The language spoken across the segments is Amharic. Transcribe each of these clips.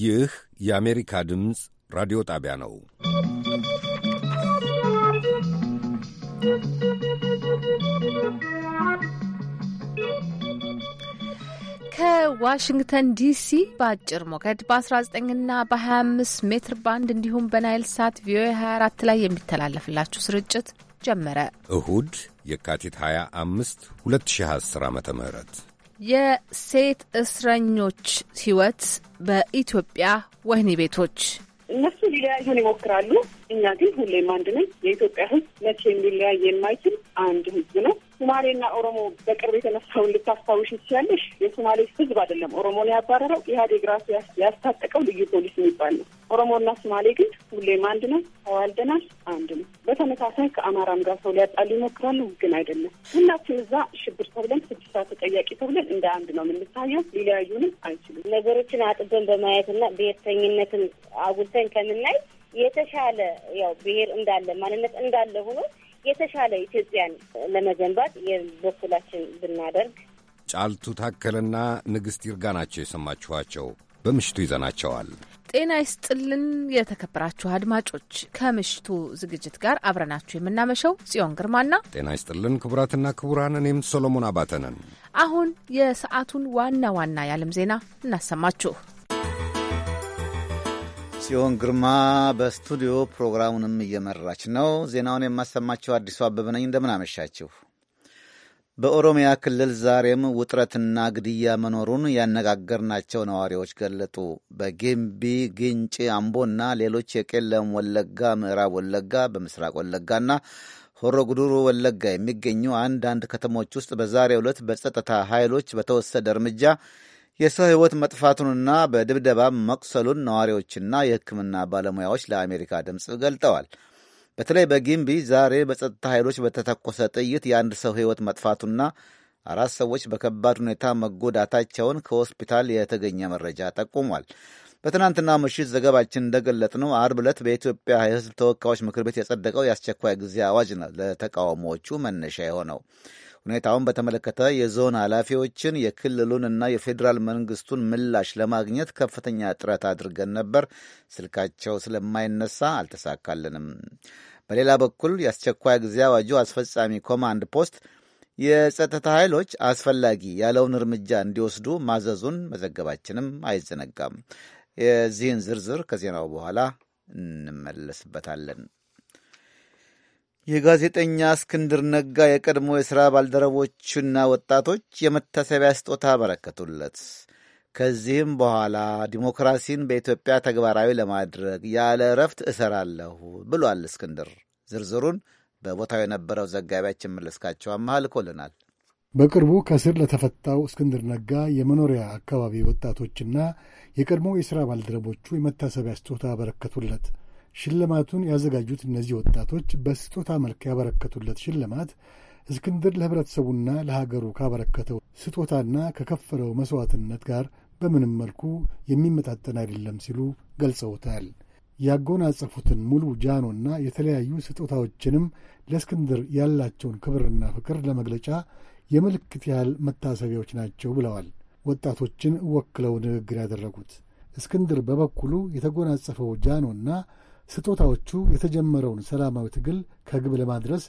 ይህ የአሜሪካ ድምፅ ራዲዮ ጣቢያ ነው። ከዋሽንግተን ዲሲ በአጭር ሞገድ በ19ና በ25 ሜትር ባንድ እንዲሁም በናይል ሳት ቪኦኤ 24 ላይ የሚተላለፍላችሁ ስርጭት ጀመረ። እሁድ የካቲት 25 2010 ዓ ም የሴት እስረኞች ህይወት በኢትዮጵያ ወህኒ ቤቶች እነሱ ሊለያዩን ይሞክራሉ። እኛ ግን ሁሌም አንድ ነን። የኢትዮጵያ ህዝብ መቼም ሊለያየ የማይችል አንድ ህዝብ ነው። ሶማሌና ኦሮሞ በቅርብ የተነሳውን ልታስታውሽ ይችላለሽ። የሶማሌ ህዝብ አይደለም ኦሮሞን ያባረረው ኢህአዴግ ራሱ ያስታጠቀው ልዩ ፖሊስ የሚባል ነው። ኦሮሞና ሶማሌ ግን ሁሌም አንድ ነው፣ ተዋልደናል፣ አንድ ነው። በተመሳሳይ ከአማራም ጋር ሰው ሊያጣሉ ይሞክራሉ፣ ግን አይደለም። ሁላችን እዛ ሽብር ተብለን ስድስት ተጠያቂ ተብለን እንደ አንድ ነው የምንታየው። ሊለያዩንም አይችሉም። ነገሮችን አጥበን በማየትና ብሄርተኝነትን አጉልተን ከምናይ የተሻለ ያው ብሔር እንዳለ ማንነት እንዳለ ሆኖ የተሻለ ኢትዮጵያን ለመገንባት የበኩላችን ብናደርግ። ጫልቱ ታከለና ንግሥት ይርጋ ናቸው የሰማችኋቸው። በምሽቱ ይዘናቸዋል። ጤና ይስጥልን የተከበራችሁ አድማጮች፣ ከምሽቱ ዝግጅት ጋር አብረናችሁ የምናመሸው ጽዮን ግርማና ጤና ይስጥልን ክቡራትና ክቡራን፣ እኔም ሶሎሞን አባተ ነን። አሁን የሰዓቱን ዋና ዋና የዓለም ዜና እናሰማችሁ። ጽዮን ግርማ በስቱዲዮ ፕሮግራሙንም እየመራች ነው። ዜናውን የማሰማቸው አዲሱ አበበ ነኝ። እንደምናመሻችሁ። በኦሮሚያ ክልል ዛሬም ውጥረትና ግድያ መኖሩን ያነጋገርናቸው ነዋሪዎች ገለጡ። በጊምቢ ግንጭ፣ አምቦና ሌሎች የቄለም ወለጋ፣ ምዕራብ ወለጋ፣ በምስራቅ ወለጋና ሆሮ ጉዱሩ ወለጋ የሚገኙ አንዳንድ ከተሞች ውስጥ በዛሬው ዕለት በጸጥታ ኃይሎች በተወሰደ እርምጃ የሰው ሕይወት መጥፋቱንና በድብደባ መቁሰሉን ነዋሪዎችና የሕክምና ባለሙያዎች ለአሜሪካ ድምፅ ገልጠዋል። በተለይ በጊምቢ ዛሬ በጸጥታ ኃይሎች በተተኮሰ ጥይት የአንድ ሰው ሕይወት መጥፋቱና አራት ሰዎች በከባድ ሁኔታ መጎዳታቸውን ከሆስፒታል የተገኘ መረጃ ጠቁሟል። በትናንትና ምሽት ዘገባችን እንደገለጥነው አርብ ዕለት በኢትዮጵያ የሕዝብ ተወካዮች ምክር ቤት የጸደቀው የአስቸኳይ ጊዜ አዋጅ ነው ለተቃውሞዎቹ መነሻ የሆነው። ሁኔታውን በተመለከተ የዞን ኃላፊዎችን የክልሉንና የፌዴራል መንግስቱን ምላሽ ለማግኘት ከፍተኛ ጥረት አድርገን ነበር። ስልካቸው ስለማይነሳ አልተሳካልንም። በሌላ በኩል የአስቸኳይ ጊዜ አዋጁ አስፈጻሚ ኮማንድ ፖስት የጸጥታ ኃይሎች አስፈላጊ ያለውን እርምጃ እንዲወስዱ ማዘዙን መዘገባችንም አይዘነጋም። የዚህን ዝርዝር ከዜናው በኋላ እንመለስበታለን። የጋዜጠኛ እስክንድር ነጋ የቀድሞ የሥራ ባልደረቦችና ወጣቶች የመታሰቢያ ስጦታ አበረከቱለት። ከዚህም በኋላ ዲሞክራሲን በኢትዮጵያ ተግባራዊ ለማድረግ ያለ እረፍት እሰራለሁ ብሏል እስክንድር። ዝርዝሩን በቦታው የነበረው ዘጋቢያችን መለስካቸው አመሃል ልኮልናል። በቅርቡ ከእስር ለተፈታው እስክንድር ነጋ የመኖሪያ አካባቢ ወጣቶችና የቀድሞ የሥራ ባልደረቦቹ የመታሰቢያ ስጦታ አበረከቱለት። ሽልማቱን ያዘጋጁት እነዚህ ወጣቶች በስጦታ መልክ ያበረከቱለት ሽልማት እስክንድር ለህብረተሰቡና ለሀገሩ ካበረከተው ስጦታና ከከፈለው መሥዋዕትነት ጋር በምንም መልኩ የሚመጣጠን አይደለም ሲሉ ገልጸውታል። ያጎናጸፉትን ሙሉ ጃኖና የተለያዩ ስጦታዎችንም ለእስክንድር ያላቸውን ክብርና ፍቅር ለመግለጫ የምልክት ያህል መታሰቢያዎች ናቸው ብለዋል ወጣቶችን ወክለው ንግግር ያደረጉት። እስክንድር በበኩሉ የተጎናጸፈው ጃኖና ስጦታዎቹ የተጀመረውን ሰላማዊ ትግል ከግብ ለማድረስ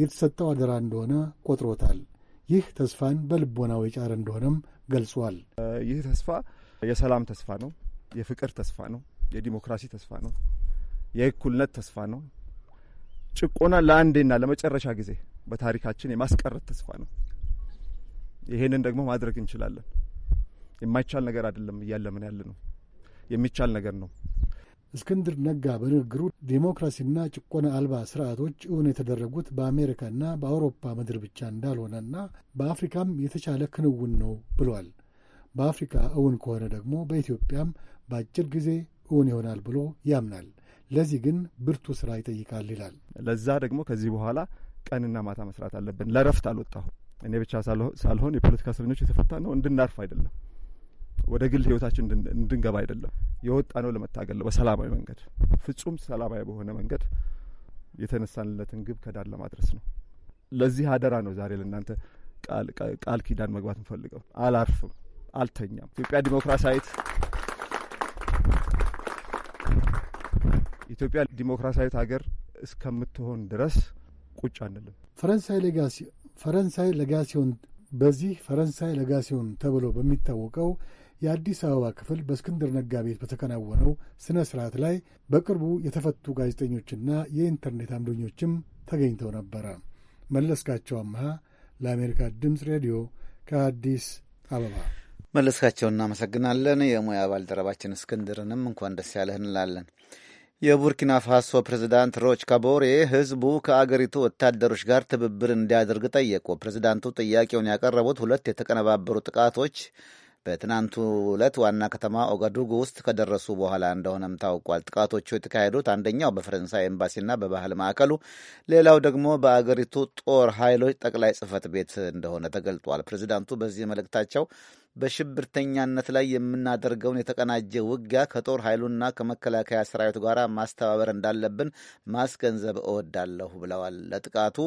የተሰጠው አደራ እንደሆነ ቆጥሮታል። ይህ ተስፋን በልቦናው የጫረ እንደሆነም ገልጿል። ይህ ተስፋ የሰላም ተስፋ ነው፣ የፍቅር ተስፋ ነው፣ የዲሞክራሲ ተስፋ ነው፣ የእኩልነት ተስፋ ነው። ጭቆና ለአንዴና ለመጨረሻ ጊዜ በታሪካችን የማስቀረት ተስፋ ነው። ይሄንን ደግሞ ማድረግ እንችላለን። የማይቻል ነገር አይደለም እያለምን ያለ ነው፣ የሚቻል ነገር ነው። እስክንድር ነጋ በንግግሩ ዴሞክራሲና ጭቆነ አልባ ስርዓቶች እውን የተደረጉት በአሜሪካና በአውሮፓ ምድር ብቻ እንዳልሆነና በአፍሪካም የተቻለ ክንውን ነው ብሏል። በአፍሪካ እውን ከሆነ ደግሞ በኢትዮጵያም በአጭር ጊዜ እውን ይሆናል ብሎ ያምናል። ለዚህ ግን ብርቱ ስራ ይጠይቃል ይላል። ለዛ ደግሞ ከዚህ በኋላ ቀንና ማታ መስራት አለብን። ለረፍት አልወጣሁም እኔ ብቻ ሳልሆን የፖለቲካ እስረኞች የተፈታ ነው እንድናርፍ አይደለም ወደ ግል ህይወታችን እንድንገባ አይደለም። የወጣ ነው ለመታገል ነው። በሰላማዊ መንገድ ፍጹም ሰላማዊ በሆነ መንገድ የተነሳንለትን ግብ ከዳር ለማድረስ ነው። ለዚህ አደራ ነው ዛሬ ለእናንተ ቃል ኪዳን መግባት እንፈልገው። አላርፍም፣ አልተኛም። ኢትዮጵያ ዲሞክራሲያዊት ኢትዮጵያ ዲሞክራሲያዊት ሀገር እስከምትሆን ድረስ ቁጭ አንልም። ፈረንሳይ ሌጋሲ ፈረንሳይ ሌጋሲዮን በዚህ ፈረንሳይ ሌጋሲዮን ተብሎ በሚታወቀው የአዲስ አበባ ክፍል በእስክንድር ነጋ ቤት በተከናወነው ስነ ስርዓት ላይ በቅርቡ የተፈቱ ጋዜጠኞችና የኢንተርኔት አምደኞችም ተገኝተው ነበረ። መለስካቸው አምሃ ለአሜሪካ ድምፅ ሬዲዮ ከአዲስ አበባ። መለስካቸው እናመሰግናለን። የሙያ ባልደረባችን እስክንድርንም እንኳን ደስ ያለህ እንላለን። የቡርኪና ፋሶ ፕሬዚዳንት ሮች ካቦሬ ህዝቡ ከአገሪቱ ወታደሮች ጋር ትብብር እንዲያደርግ ጠየቁ። ፕሬዚዳንቱ ጥያቄውን ያቀረቡት ሁለት የተቀነባበሩ ጥቃቶች በትናንቱ ዕለት ዋና ከተማ ኦጋዱጉ ውስጥ ከደረሱ በኋላ እንደሆነም ታውቋል። ጥቃቶቹ የተካሄዱት አንደኛው በፈረንሳይ ኤምባሲና በባህል ማዕከሉ፣ ሌላው ደግሞ በአገሪቱ ጦር ኃይሎች ጠቅላይ ጽህፈት ቤት እንደሆነ ተገልጧል። ፕሬዚዳንቱ በዚህ መልእክታቸው በሽብርተኛነት ላይ የምናደርገውን የተቀናጀ ውጊያ ከጦር ኃይሉና ከመከላከያ ሰራዊት ጋር ማስተባበር እንዳለብን ማስገንዘብ እወዳለሁ ብለዋል። ለጥቃቱ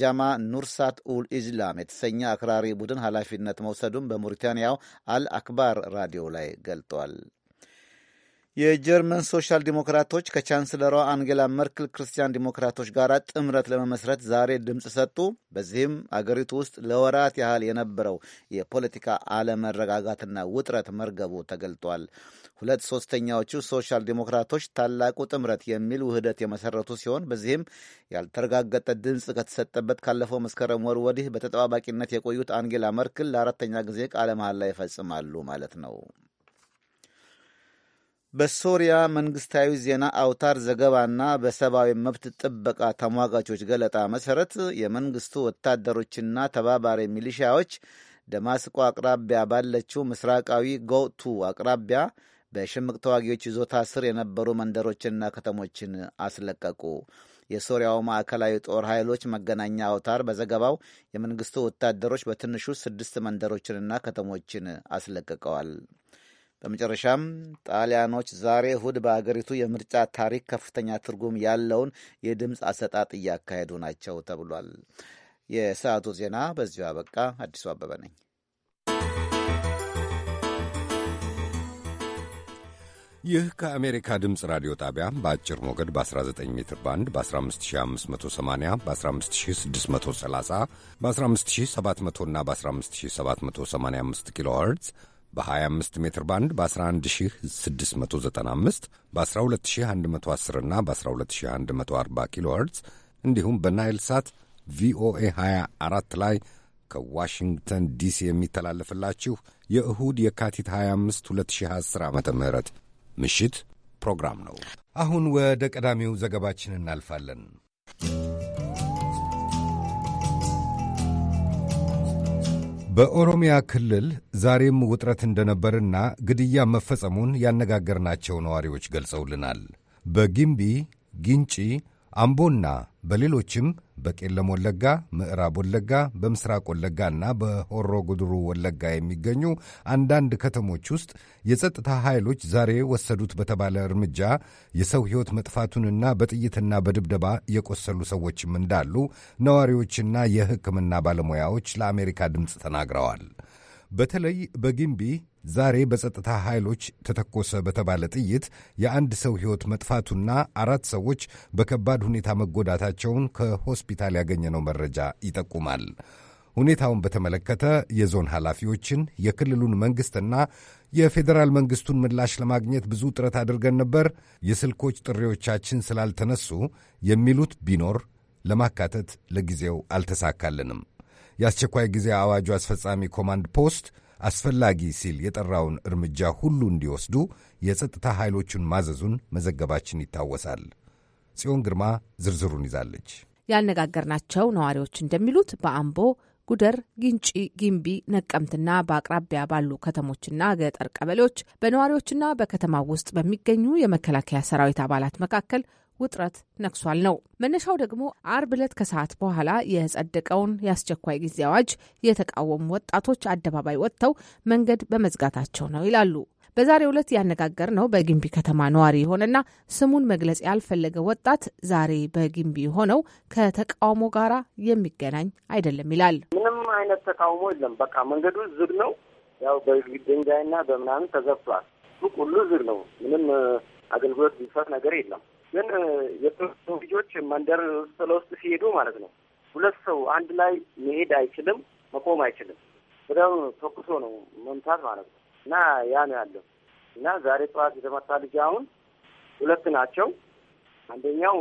ጃማ ኑርሳት ኡል ኢዝላም የተሰኘ አክራሪ ቡድን ኃላፊነት መውሰዱን በሞሪታንያው አል አክባር ራዲዮ ላይ ገልጧል። የጀርመን ሶሻል ዲሞክራቶች ከቻንስለሯ አንጌላ መርክል ክርስቲያን ዲሞክራቶች ጋር ጥምረት ለመመስረት ዛሬ ድምፅ ሰጡ። በዚህም አገሪቱ ውስጥ ለወራት ያህል የነበረው የፖለቲካ አለመረጋጋትና ውጥረት መርገቡ ተገልጧል። ሁለት ሶስተኛዎቹ ሶሻል ዲሞክራቶች ታላቁ ጥምረት የሚል ውህደት የመሰረቱ ሲሆን በዚህም ያልተረጋገጠ ድምፅ ከተሰጠበት ካለፈው መስከረም ወር ወዲህ በተጠባባቂነት የቆዩት አንጌላ መርክል ለአራተኛ ጊዜ ቃለ መሃላ ይፈጽማሉ ማለት ነው። በሶሪያ መንግስታዊ ዜና አውታር ዘገባና በሰብአዊ መብት ጥበቃ ተሟጋቾች ገለጣ መሠረት የመንግስቱ ወታደሮችና ተባባሪ ሚሊሺያዎች ደማስቆ አቅራቢያ ባለችው ምስራቃዊ ጎቱ አቅራቢያ በሽምቅ ተዋጊዎች ይዞታ ስር የነበሩ መንደሮችና ከተሞችን አስለቀቁ። የሶሪያው ማዕከላዊ ጦር ኃይሎች መገናኛ አውታር በዘገባው የመንግስቱ ወታደሮች በትንሹ ስድስት መንደሮችንና ከተሞችን አስለቅቀዋል። በመጨረሻም ጣሊያኖች ዛሬ እሁድ በአገሪቱ የምርጫ ታሪክ ከፍተኛ ትርጉም ያለውን የድምፅ አሰጣጥ እያካሄዱ ናቸው ተብሏል። የሰዓቱ ዜና በዚሁ አበቃ። አዲሱ አበበ ነኝ። ይህ ከአሜሪካ ድምፅ ራዲዮ ጣቢያ በአጭር ሞገድ በ19 ሜትር ባንድ በ15580 በ15630 በ15700 እና በ15785 ኪሎ ኸርትዝ በ25 ሜትር ባንድ በ11695 በ12110 እና በ12140 ኪሎ ኸርትዝ እንዲሁም በናይል ሳት ቪኦኤ 24 ላይ ከዋሽንግተን ዲሲ የሚተላለፍላችሁ የእሁድ የካቲት 25 2010 ዓ ም ምሽት ፕሮግራም ነው። አሁን ወደ ቀዳሚው ዘገባችን እናልፋለን። በኦሮሚያ ክልል ዛሬም ውጥረት እንደነበርና ግድያ መፈጸሙን ያነጋገርናቸው ነዋሪዎች ገልጸውልናል። በጊምቢ፣ ጊንጪ አምቦና በሌሎችም በቄለም ወለጋ፣ ምዕራብ ወለጋ፣ በምስራቅ ወለጋ እና በሆሮ ጉድሩ ወለጋ የሚገኙ አንዳንድ ከተሞች ውስጥ የጸጥታ ኃይሎች ዛሬ ወሰዱት በተባለ እርምጃ የሰው ሕይወት መጥፋቱንና በጥይትና በድብደባ የቆሰሉ ሰዎችም እንዳሉ ነዋሪዎችና የሕክምና ባለሙያዎች ለአሜሪካ ድምፅ ተናግረዋል። በተለይ በጊምቢ ዛሬ በጸጥታ ኃይሎች ተተኮሰ በተባለ ጥይት የአንድ ሰው ሕይወት መጥፋቱና አራት ሰዎች በከባድ ሁኔታ መጎዳታቸውን ከሆስፒታል ያገኘነው መረጃ ይጠቁማል። ሁኔታውን በተመለከተ የዞን ኃላፊዎችን የክልሉን መንግሥትና የፌዴራል መንግሥቱን ምላሽ ለማግኘት ብዙ ጥረት አድርገን ነበር። የስልኮች ጥሪዎቻችን ስላልተነሱ የሚሉት ቢኖር ለማካተት ለጊዜው አልተሳካልንም። የአስቸኳይ ጊዜ አዋጁ አስፈጻሚ ኮማንድ ፖስት አስፈላጊ ሲል የጠራውን እርምጃ ሁሉ እንዲወስዱ የጸጥታ ኃይሎቹን ማዘዙን መዘገባችን ይታወሳል። ጽዮን ግርማ ዝርዝሩን ይዛለች። ያነጋገርናቸው ነዋሪዎች እንደሚሉት በአምቦ ጉደር፣ ግንጪ፣ ጊምቢ፣ ነቀምትና በአቅራቢያ ባሉ ከተሞችና ገጠር ቀበሌዎች በነዋሪዎችና በከተማው ውስጥ በሚገኙ የመከላከያ ሰራዊት አባላት መካከል ውጥረት ነግሷል ነው። መነሻው ደግሞ አርብ ዕለት ከሰዓት በኋላ የጸደቀውን የአስቸኳይ ጊዜ አዋጅ የተቃወሙ ወጣቶች አደባባይ ወጥተው መንገድ በመዝጋታቸው ነው ይላሉ። በዛሬ ዕለት ያነጋገር ነው በጊምቢ ከተማ ነዋሪ የሆነና ስሙን መግለጽ ያልፈለገ ወጣት ዛሬ በጊምቢ ሆነው ከተቃውሞ ጋራ የሚገናኝ አይደለም ይላል። ምንም አይነት ተቃውሞ የለም። በቃ መንገዱ ዝግ ነው። ያው በድንጋይና በምናምን ተዘግቷል። ሱቅ ሁሉ ዝግ ነው። ምንም አገልግሎት ቢሰጥ ነገር የለም። ግን የሰው ልጆች መንደር ውስጥ ለውስጥ ሲሄዱ ማለት ነው ሁለት ሰው አንድ ላይ መሄድ አይችልም፣ መቆም አይችልም። በደም ተኩሶ ነው መምታት ማለት ነው። እና ያ ነው ያለው። እና ዛሬ ጠዋት የተመታ ልጅ አሁን ሁለት ናቸው። አንደኛው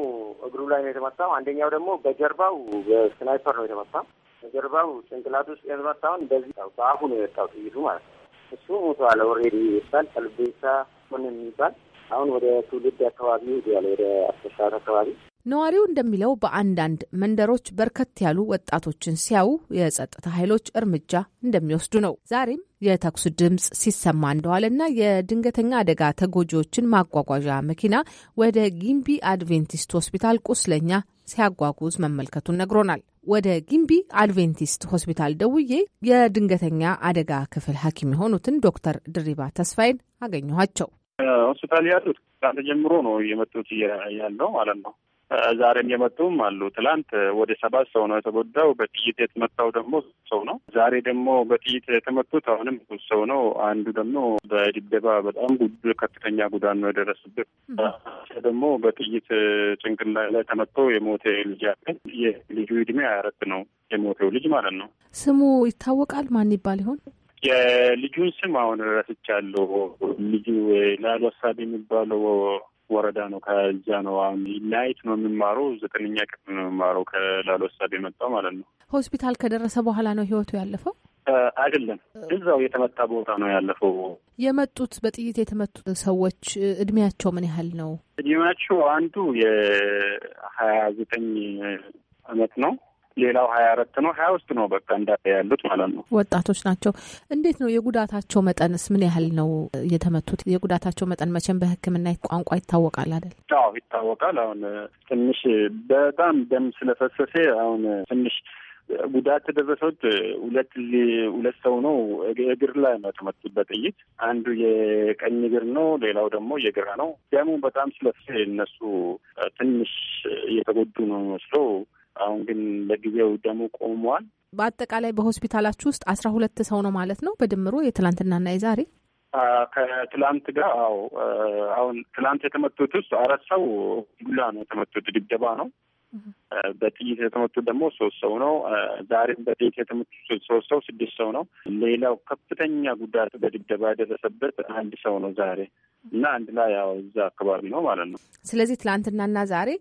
እግሩ ላይ ነው የተመታው፣ አንደኛው ደግሞ በጀርባው በስናይፐር ነው የተመታው። በጀርባው ጭንቅላት ውስጥ የተመታውን እንደዚህ በአፉ ነው የወጣው ጥይቱ ማለት ነው። እሱ ሞተዋል ኦልሬዲ ይባል ቀልቤሳ ሆን የሚባል አሁን ወደ ትውልድ አካባቢ ያለ ወደ አስር ሰዓት አካባቢ ነዋሪው እንደሚለው በአንዳንድ መንደሮች በርከት ያሉ ወጣቶችን ሲያዩ የጸጥታ ኃይሎች እርምጃ እንደሚወስዱ ነው። ዛሬም የተኩስ ድምፅ ሲሰማ እንደዋለና የድንገተኛ አደጋ ተጎጂዎችን ማጓጓዣ መኪና ወደ ጊምቢ አድቬንቲስት ሆስፒታል ቁስለኛ ሲያጓጉዝ መመልከቱን ነግሮናል። ወደ ጊምቢ አድቬንቲስት ሆስፒታል ደውዬ የድንገተኛ አደጋ ክፍል ሐኪም የሆኑትን ዶክተር ድሪባ ተስፋዬን አገኘኋቸው። ሆስፒታል ያሉት ጀምሮ ነው የመጡት ያለው ማለት ነው። ዛሬም የመጡም አሉ። ትላንት ወደ ሰባት ሰው ነው የተጎዳው። በጥይት የተመታው ደግሞ ሰው ነው። ዛሬ ደግሞ በጥይት የተመቱት አሁንም ሰው ነው። አንዱ ደግሞ በድብደባ በጣም ከፍተኛ ጉዳት ነው የደረሰበት። ደግሞ በጥይት ጭንቅላ ላይ ተመቶ የሞተ ልጅ አለ። የልጁ እድሜ አያረት ነው የሞተው ልጅ ማለት ነው። ስሙ ይታወቃል። ማን ይባል ይሆን? የልጁን ስም አሁን ረስቻለሁ። ልጁ ላልወሳድ የሚባለው ወረዳ ነው። ከዛ ነው አሁን ናይት ነው የሚማረው። ዘጠነኛ ክፍል ነው የሚማረው። ከላልወሳድ የመጣው ማለት ነው። ሆስፒታል ከደረሰ በኋላ ነው ህይወቱ ያለፈው። አይደለም፣ እዛው የተመታ ቦታ ነው ያለፈው። የመጡት በጥይት የተመቱት ሰዎች እድሜያቸው ምን ያህል ነው? እድሜያቸው አንዱ የሀያ ዘጠኝ አመት ነው ሌላው ሀያ አራት ነው ሀያ ውስጥ ነው በቃ እንዳ ያሉት ማለት ነው ወጣቶች ናቸው። እንዴት ነው የጉዳታቸው መጠንስ ምን ያህል ነው የተመቱት? የጉዳታቸው መጠን መቼም በሕክምና ቋንቋ ይታወቃል አይደል? አዎ ይታወቃል። አሁን ትንሽ በጣም ደም ስለፈሰሰ አሁን ትንሽ ጉዳት የደረሰውት ሁለት ሁለት ሰው ነው። እግር ላይ ነው የተመቱት በጥይት አንዱ የቀኝ እግር ነው፣ ሌላው ደግሞ የግራ ነው። ደግሞ በጣም ስለፈሰሰ እነሱ ትንሽ እየተጎዱ ነው የሚመስለው አሁን ግን ለጊዜው ደሙ ቆሟል። በአጠቃላይ በሆስፒታላችሁ ውስጥ አስራ ሁለት ሰው ነው ማለት ነው በድምሩ የትላንትናና የዛሬ ከትላንት ጋር አዎ አሁን ትላንት የተመቱት ውስጥ አራት ሰው ዱላ ነው የተመቱት፣ ድብደባ ነው። በጥይት የተመቱት ደግሞ ሶስት ሰው ነው። ዛሬም በጥይት የተመቱት ሶስት ሰው ስድስት ሰው ነው። ሌላው ከፍተኛ ጉዳት በድብደባ የደረሰበት አንድ ሰው ነው ዛሬ እና አንድ ላይ ያው እዛ አካባቢ ነው ማለት ነው። ስለዚህ ትላንትናና ዛሬ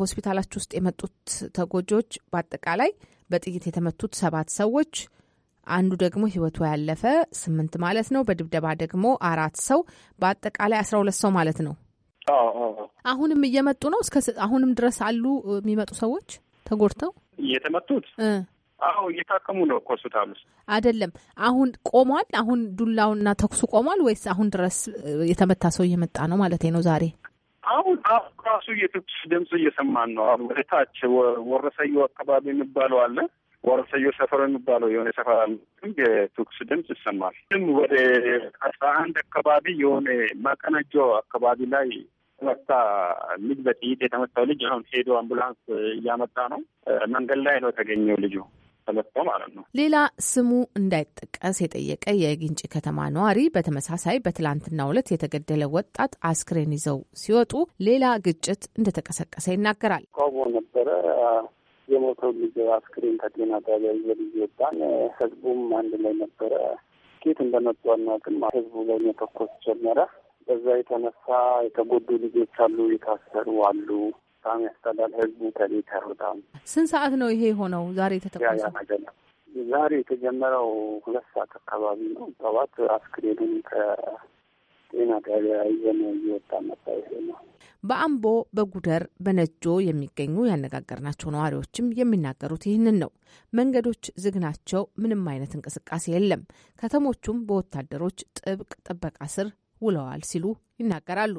ሆስፒታላችሁ ውስጥ የመጡት ተጎጂዎች በአጠቃላይ በጥይት የተመቱት ሰባት ሰዎች አንዱ ደግሞ ህይወቱ ያለፈ ስምንት ማለት ነው። በድብደባ ደግሞ አራት ሰው በአጠቃላይ አስራ ሁለት ሰው ማለት ነው። አሁንም እየመጡ ነው። እስከ አሁንም ድረስ አሉ የሚመጡ ሰዎች ተጎድተው እየተመቱት። አዎ እየታከሙ ነው እኮ ሆስፒታል ውስጥ አይደለም። አሁን ቆሟል። አሁን ዱላውና ተኩሱ ቆሟል ወይስ አሁን ድረስ የተመታ ሰው እየመጣ ነው ማለት ነው? ዛሬ አሁን አሁን ራሱ የትኩስ ድምፅ እየሰማን ነው። አሁን ወደ ታች ወረሰዮ አካባቢ የሚባለው አለ ወረሰዮ ሰፈር የሚባለው የሆነ ሰፈር አለ። የትኩስ ድምፅ ይሰማል። ግን ወደ አስራ አንድ አካባቢ የሆነ መቀነጆ አካባቢ ላይ መታ ልጅ በጥይት የተመታው ልጅ አሁን ሄዶ አምቡላንስ እያመጣ ነው። መንገድ ላይ ነው የተገኘው ልጁ ተለጥፎ ማለት ነው። ሌላ ስሙ እንዳይጠቀስ የጠየቀ የግንጭ ከተማ ነዋሪ በተመሳሳይ በትላንትናው ዕለት የተገደለ ወጣት አስክሬን ይዘው ሲወጡ ሌላ ግጭት እንደተቀሰቀሰ ይናገራል። ቆሞ ነበረ የሞተው ልጅ አስክሬን ከጤና ጣቢያ ይዘን ወጣን። ህዝቡም አንድ ላይ ነበረ። ኬት እንደመጡ አናውቅም። ህዝቡ ላይ መተኮስ ጀመረ። በዛ የተነሳ የተጎዱ ልጆች አሉ፣ የታሰሩ አሉ። በጣም ያስጠላል። ህዝቡ ከቤት አይወጣም። ስንት ሰዓት ነው ይሄ የሆነው ዛሬ የተተኮሰው? ዛሬ የተጀመረው ሁለት ሰዓት አካባቢ ነው። ጠዋት አስክሬኑን ከጤና ጣቢያ ይዘን እየወጣ መጣ ይሄ ነው። በአምቦ በጉደር በነጆ የሚገኙ ያነጋገርናቸው ነዋሪዎችም የሚናገሩት ይህንን ነው። መንገዶች ዝግ ናቸው። ምንም አይነት እንቅስቃሴ የለም። ከተሞቹም በወታደሮች ጥብቅ ጥበቃ ስር ውለዋል ሲሉ ይናገራሉ።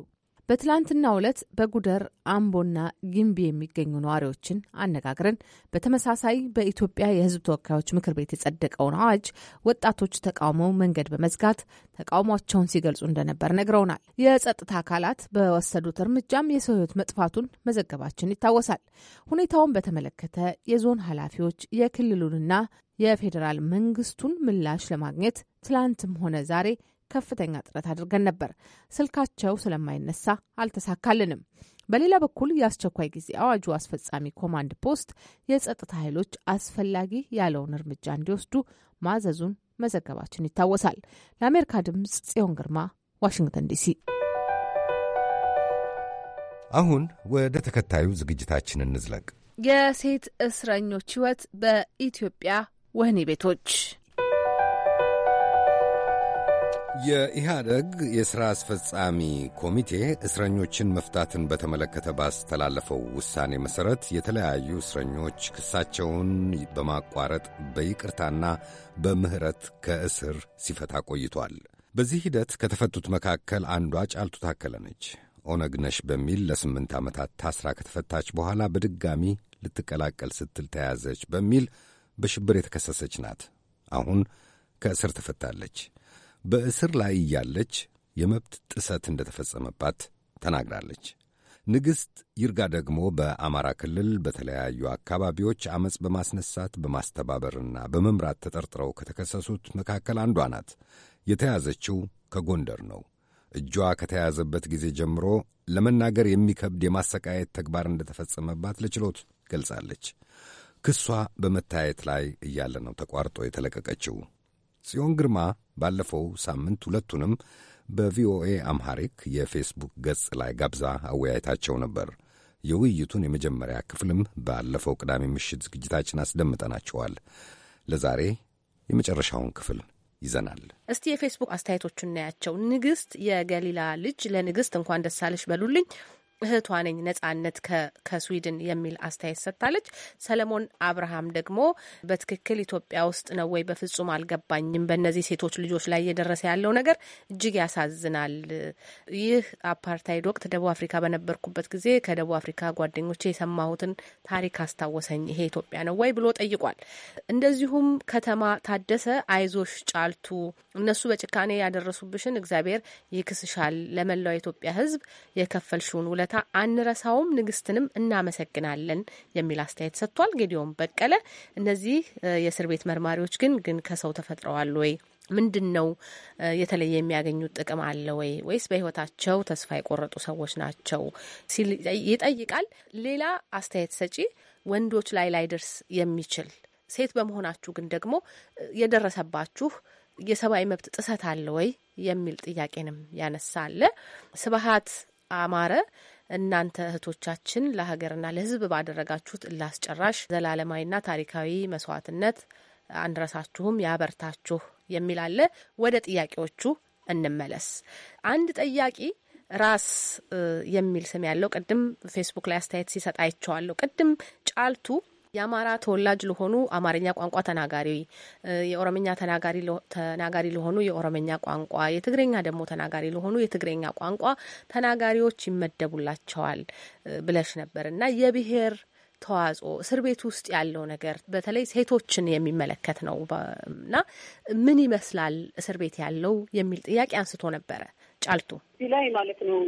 በትላንትና ዕለት በጉደር አምቦና ግንቢ የሚገኙ ነዋሪዎችን አነጋግረን በተመሳሳይ በኢትዮጵያ የሕዝብ ተወካዮች ምክር ቤት የጸደቀውን አዋጅ ወጣቶች ተቃውመው መንገድ በመዝጋት ተቃውሟቸውን ሲገልጹ እንደነበር ነግረውናል። የጸጥታ አካላት በወሰዱት እርምጃም የሰው ሕይወት መጥፋቱን መዘገባችን ይታወሳል። ሁኔታውን በተመለከተ የዞን ኃላፊዎች የክልሉንና የፌዴራል መንግስቱን ምላሽ ለማግኘት ትላንትም ሆነ ዛሬ ከፍተኛ ጥረት አድርገን ነበር። ስልካቸው ስለማይነሳ አልተሳካልንም። በሌላ በኩል የአስቸኳይ ጊዜ አዋጁ አስፈጻሚ ኮማንድ ፖስት የጸጥታ ኃይሎች አስፈላጊ ያለውን እርምጃ እንዲወስዱ ማዘዙን መዘገባችን ይታወሳል። ለአሜሪካ ድምፅ ጽዮን ግርማ ዋሽንግተን ዲሲ። አሁን ወደ ተከታዩ ዝግጅታችን እንዝለቅ። የሴት እስረኞች ሕይወት በኢትዮጵያ ወህኒ ቤቶች የኢህአደግ የሥራ አስፈጻሚ ኮሚቴ እስረኞችን መፍታትን በተመለከተ ባስተላለፈው ውሳኔ መሠረት የተለያዩ እስረኞች ክሳቸውን በማቋረጥ በይቅርታና በምህረት ከእስር ሲፈታ ቆይቷል። በዚህ ሂደት ከተፈቱት መካከል አንዷ ጫልቱ ታከለ ነች። ኦነግነሽ በሚል ለስምንት ዓመታት ታስራ ከተፈታች በኋላ በድጋሚ ልትቀላቀል ስትል ተያዘች በሚል በሽብር የተከሰሰች ናት። አሁን ከእስር ተፈታለች። በእስር ላይ እያለች የመብት ጥሰት እንደተፈጸመባት ተናግራለች። ንግሥት ይርጋ ደግሞ በአማራ ክልል በተለያዩ አካባቢዎች ዐመፅ በማስነሳት በማስተባበርና በመምራት ተጠርጥረው ከተከሰሱት መካከል አንዷ ናት። የተያዘችው ከጎንደር ነው። እጇ ከተያዘበት ጊዜ ጀምሮ ለመናገር የሚከብድ የማሰቃየት ተግባር እንደተፈጸመባት ለችሎት ገልጻለች። ክሷ በመታየት ላይ እያለ ነው ተቋርጦ የተለቀቀችው። ጽዮን ግርማ ባለፈው ሳምንት ሁለቱንም በቪኦኤ አምሃሪክ የፌስቡክ ገጽ ላይ ጋብዛ አወያይታቸው ነበር። የውይይቱን የመጀመሪያ ክፍልም ባለፈው ቅዳሜ ምሽት ዝግጅታችን አስደምጠናቸዋል። ለዛሬ የመጨረሻውን ክፍል ይዘናል። እስቲ የፌስቡክ አስተያየቶቹን እናያቸው። ንግስት የገሊላ ልጅ ለንግስት እንኳን ደሳለሽ በሉልኝ እህቷ ነኝ ነጻነት ከስዊድን የሚል አስተያየት ሰጥታለች። ሰለሞን አብርሃም ደግሞ በትክክል ኢትዮጵያ ውስጥ ነው ወይ? በፍጹም አልገባኝም። በእነዚህ ሴቶች ልጆች ላይ እየደረሰ ያለው ነገር እጅግ ያሳዝናል። ይህ አፓርታይድ ወቅት ደቡብ አፍሪካ በነበርኩበት ጊዜ ከደቡብ አፍሪካ ጓደኞቼ የሰማሁትን ታሪክ አስታወሰኝ። ይሄ ኢትዮጵያ ነው ወይ ብሎ ጠይቋል። እንደዚሁም ከተማ ታደሰ አይዞሽ ጫልቱ፣ እነሱ በጭካኔ ያደረሱብሽን እግዚአብሔር ይክስሻል። ለመላው የኢትዮጵያ ሕዝብ የከፈልሽውን ውለ ጨዋታ አንረሳውም፣ ንግስትንም እናመሰግናለን የሚል አስተያየት ሰጥቷል። ጌዲዮን በቀለ እነዚህ የእስር ቤት መርማሪዎች ግን ግን ከሰው ተፈጥረዋል ወይ ምንድን ነው የተለየ የሚያገኙት ጥቅም አለ ወይ ወይስ በህይወታቸው ተስፋ የቆረጡ ሰዎች ናቸው ሲል ይጠይቃል። ሌላ አስተያየት ሰጪ ወንዶች ላይ ላይደርስ የሚችል ሴት በመሆናችሁ ግን ደግሞ የደረሰባችሁ የሰብአዊ መብት ጥሰት አለ ወይ የሚል ጥያቄንም ያነሳለ ስብሀት አማረ እናንተ እህቶቻችን ለሀገርና ለሕዝብ ባደረጋችሁት ላስጨራሽ ዘላለማዊና ታሪካዊ መስዋዕትነት አንድረሳችሁም ያበርታችሁ የሚል አለ። ወደ ጥያቄዎቹ እንመለስ። አንድ ጠያቂ ራስ የሚል ስም ያለው ቅድም ፌስቡክ ላይ አስተያየት ሲሰጥ አይቸዋለሁ። ቅድም ጫልቱ የአማራ ተወላጅ ለሆኑ አማርኛ ቋንቋ ተናጋሪ፣ የኦሮምኛ ተናጋሪ ለሆኑ የኦሮምኛ ቋንቋ፣ የትግርኛ ደግሞ ተናጋሪ ለሆኑ የትግርኛ ቋንቋ ተናጋሪዎች ይመደቡላቸዋል ብለሽ ነበር እና የብሄር ተዋጽኦ እስር ቤት ውስጥ ያለው ነገር በተለይ ሴቶችን የሚመለከት ነው እና ምን ይመስላል እስር ቤት ያለው የሚል ጥያቄ አንስቶ ነበረ ጫልቱ። ላይ ማለት ነው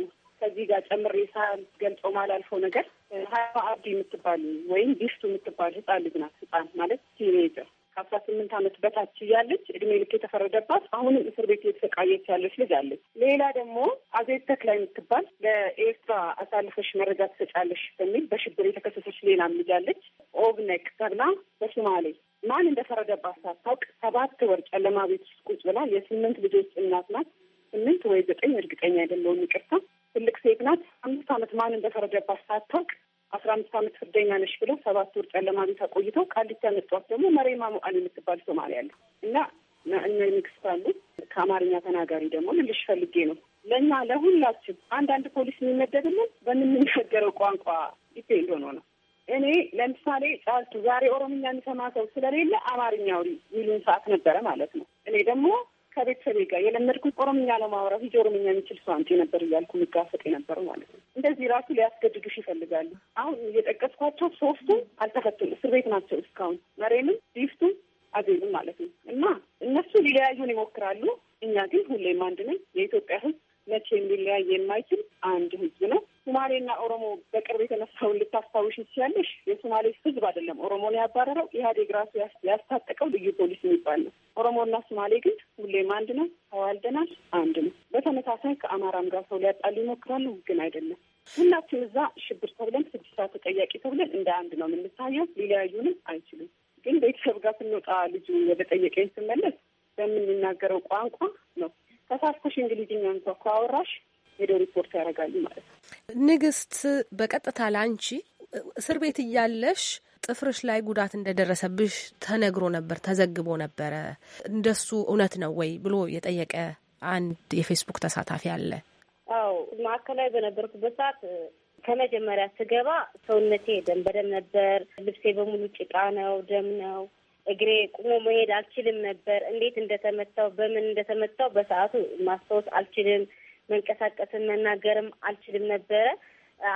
ከዚህ ጋር ጨምሬ ሳልገልጸው ማላልፈው ነገር ሀያ አብዲ የምትባል ወይም ቢፍቱ የምትባል ህፃን ልጅ ናት። ህፃን ማለት ቲኔጀር ከአስራ ስምንት አመት በታች እያለች እድሜ ልክ የተፈረደባት አሁንም እስር ቤት የተሰቃየች ያለች ልጅ አለች። ሌላ ደግሞ አዜብ ተክላይ የምትባል ለኤርትራ አሳልፈሽ መረጃ ትሰጫለሽ በሚል በሽብር የተከሰሰች ሌላም ልጅ አለች። ኦብነግ ተብላ በሶማሌ ማን እንደፈረደባት ሳታውቅ ሰባት ወር ጨለማ ቤት ውስጥ ቁጭ ብላ የስምንት ልጆች እናት ናት። ስምንት ወይ ዘጠኝ እርግጠኛ አይደለሁም ይቅርታ። ትልቅ ሴት ናት። አምስት ዓመት ማን እንደፈረደባት ሳታውቅ አስራ አምስት ዓመት ፍርደኛ ነሽ ብለው ሰባት ወር ጨለማ ቤት አቆይተው ቃሊቲ ያመጧት ደግሞ መሬማ መዋል የምትባል ሶማሌ ያለ እና እነ ንግስት አሉ። ከአማርኛ ተናጋሪ ደግሞ ልልሽ ፈልጌ ነው ለእኛ ለሁላችን አንዳንድ ፖሊስ የሚመደብልን በምንናገረው ቋንቋ ዲፔንድ ሆኖ ነው። እኔ ለምሳሌ ጫልቱ ዛሬ ኦሮምኛ የሚሰማ ሰው ስለሌለ አማርኛ የሚሉን ሰዓት ነበረ ማለት ነው። እኔ ደግሞ ከቤተሰቤ ጋር የለመድኩት ኦሮምኛ ለማውራት ሂጂ ኦሮምኛ የሚችል ሰው አምጪ ነበር እያልኩ የሚጋፈጥ የነበረው ማለት ነው። እንደዚህ ራሱ ሊያስገድዱሽ ይፈልጋሉ። አሁን እየጠቀስኳቸው ሶስቱ አልተፈቱም፣ እስር ቤት ናቸው እስካሁን መሬምም፣ ቢፍቱም፣ አዜብም ማለት ነው። እና እነሱ ሊለያዩን ይሞክራሉ። እኛ ግን ሁሌም አንድ ነን። የኢትዮጵያ ህዝብ መቼም ሊለያይ የማይችል አንድ ህዝብ ነው። ሶማሌና ኦሮሞ በቅርብ የተነሳውን ልታስታውሽ ትችያለሽ። የሶማሌ ህዝብ አይደለም ኦሮሞን ያባረረው ኢህአዴግ ራሱ ያስታጠቀው ልዩ ፖሊስ የሚባል ነው። ኦሮሞና ሶማሌ ግን ሁሌም አንድ ነው፣ ተዋልደናል፣ አንድ ነው። በተመሳሳይ ከአማራም ጋር ሰው ሊያጣሉ ይሞክራሉ፣ ግን አይደለም። ሁላችን እዛ ሽብር ተብለን ስድስት ሰዓት ተጠያቂ ተብለን እንደ አንድ ነው የምንታየው። ሊለያዩንም አይችሉም። ግን ቤተሰብ ጋር ስንወጣ ልጁ ወደ ጠየቀኝ ስመለስ በምንናገረው ቋንቋ ነው ተሳትፎሽ እንግሊዝኛ እንኳ ካወራሽ ሄደው ሪፖርት ያደርጋሉ ማለት ነው። ንግስት፣ በቀጥታ ለአንቺ እስር ቤት እያለሽ ጥፍርሽ ላይ ጉዳት እንደደረሰብሽ ተነግሮ ነበር፣ ተዘግቦ ነበረ። እንደሱ እውነት ነው ወይ ብሎ የጠየቀ አንድ የፌስቡክ ተሳታፊ አለ። አዎ፣ ማዕከላዊ በነበርኩበት ሰዓት ከመጀመሪያ ስገባ ሰውነቴ ደም በደም ነበር። ልብሴ በሙሉ ጭቃ ነው፣ ደም ነው። እግሬ ቁሞ መሄድ አልችልም ነበር። እንዴት እንደተመታው በምን እንደተመታው በሰዓቱ ማስታወስ አልችልም። መንቀሳቀስን መናገርም አልችልም ነበረ።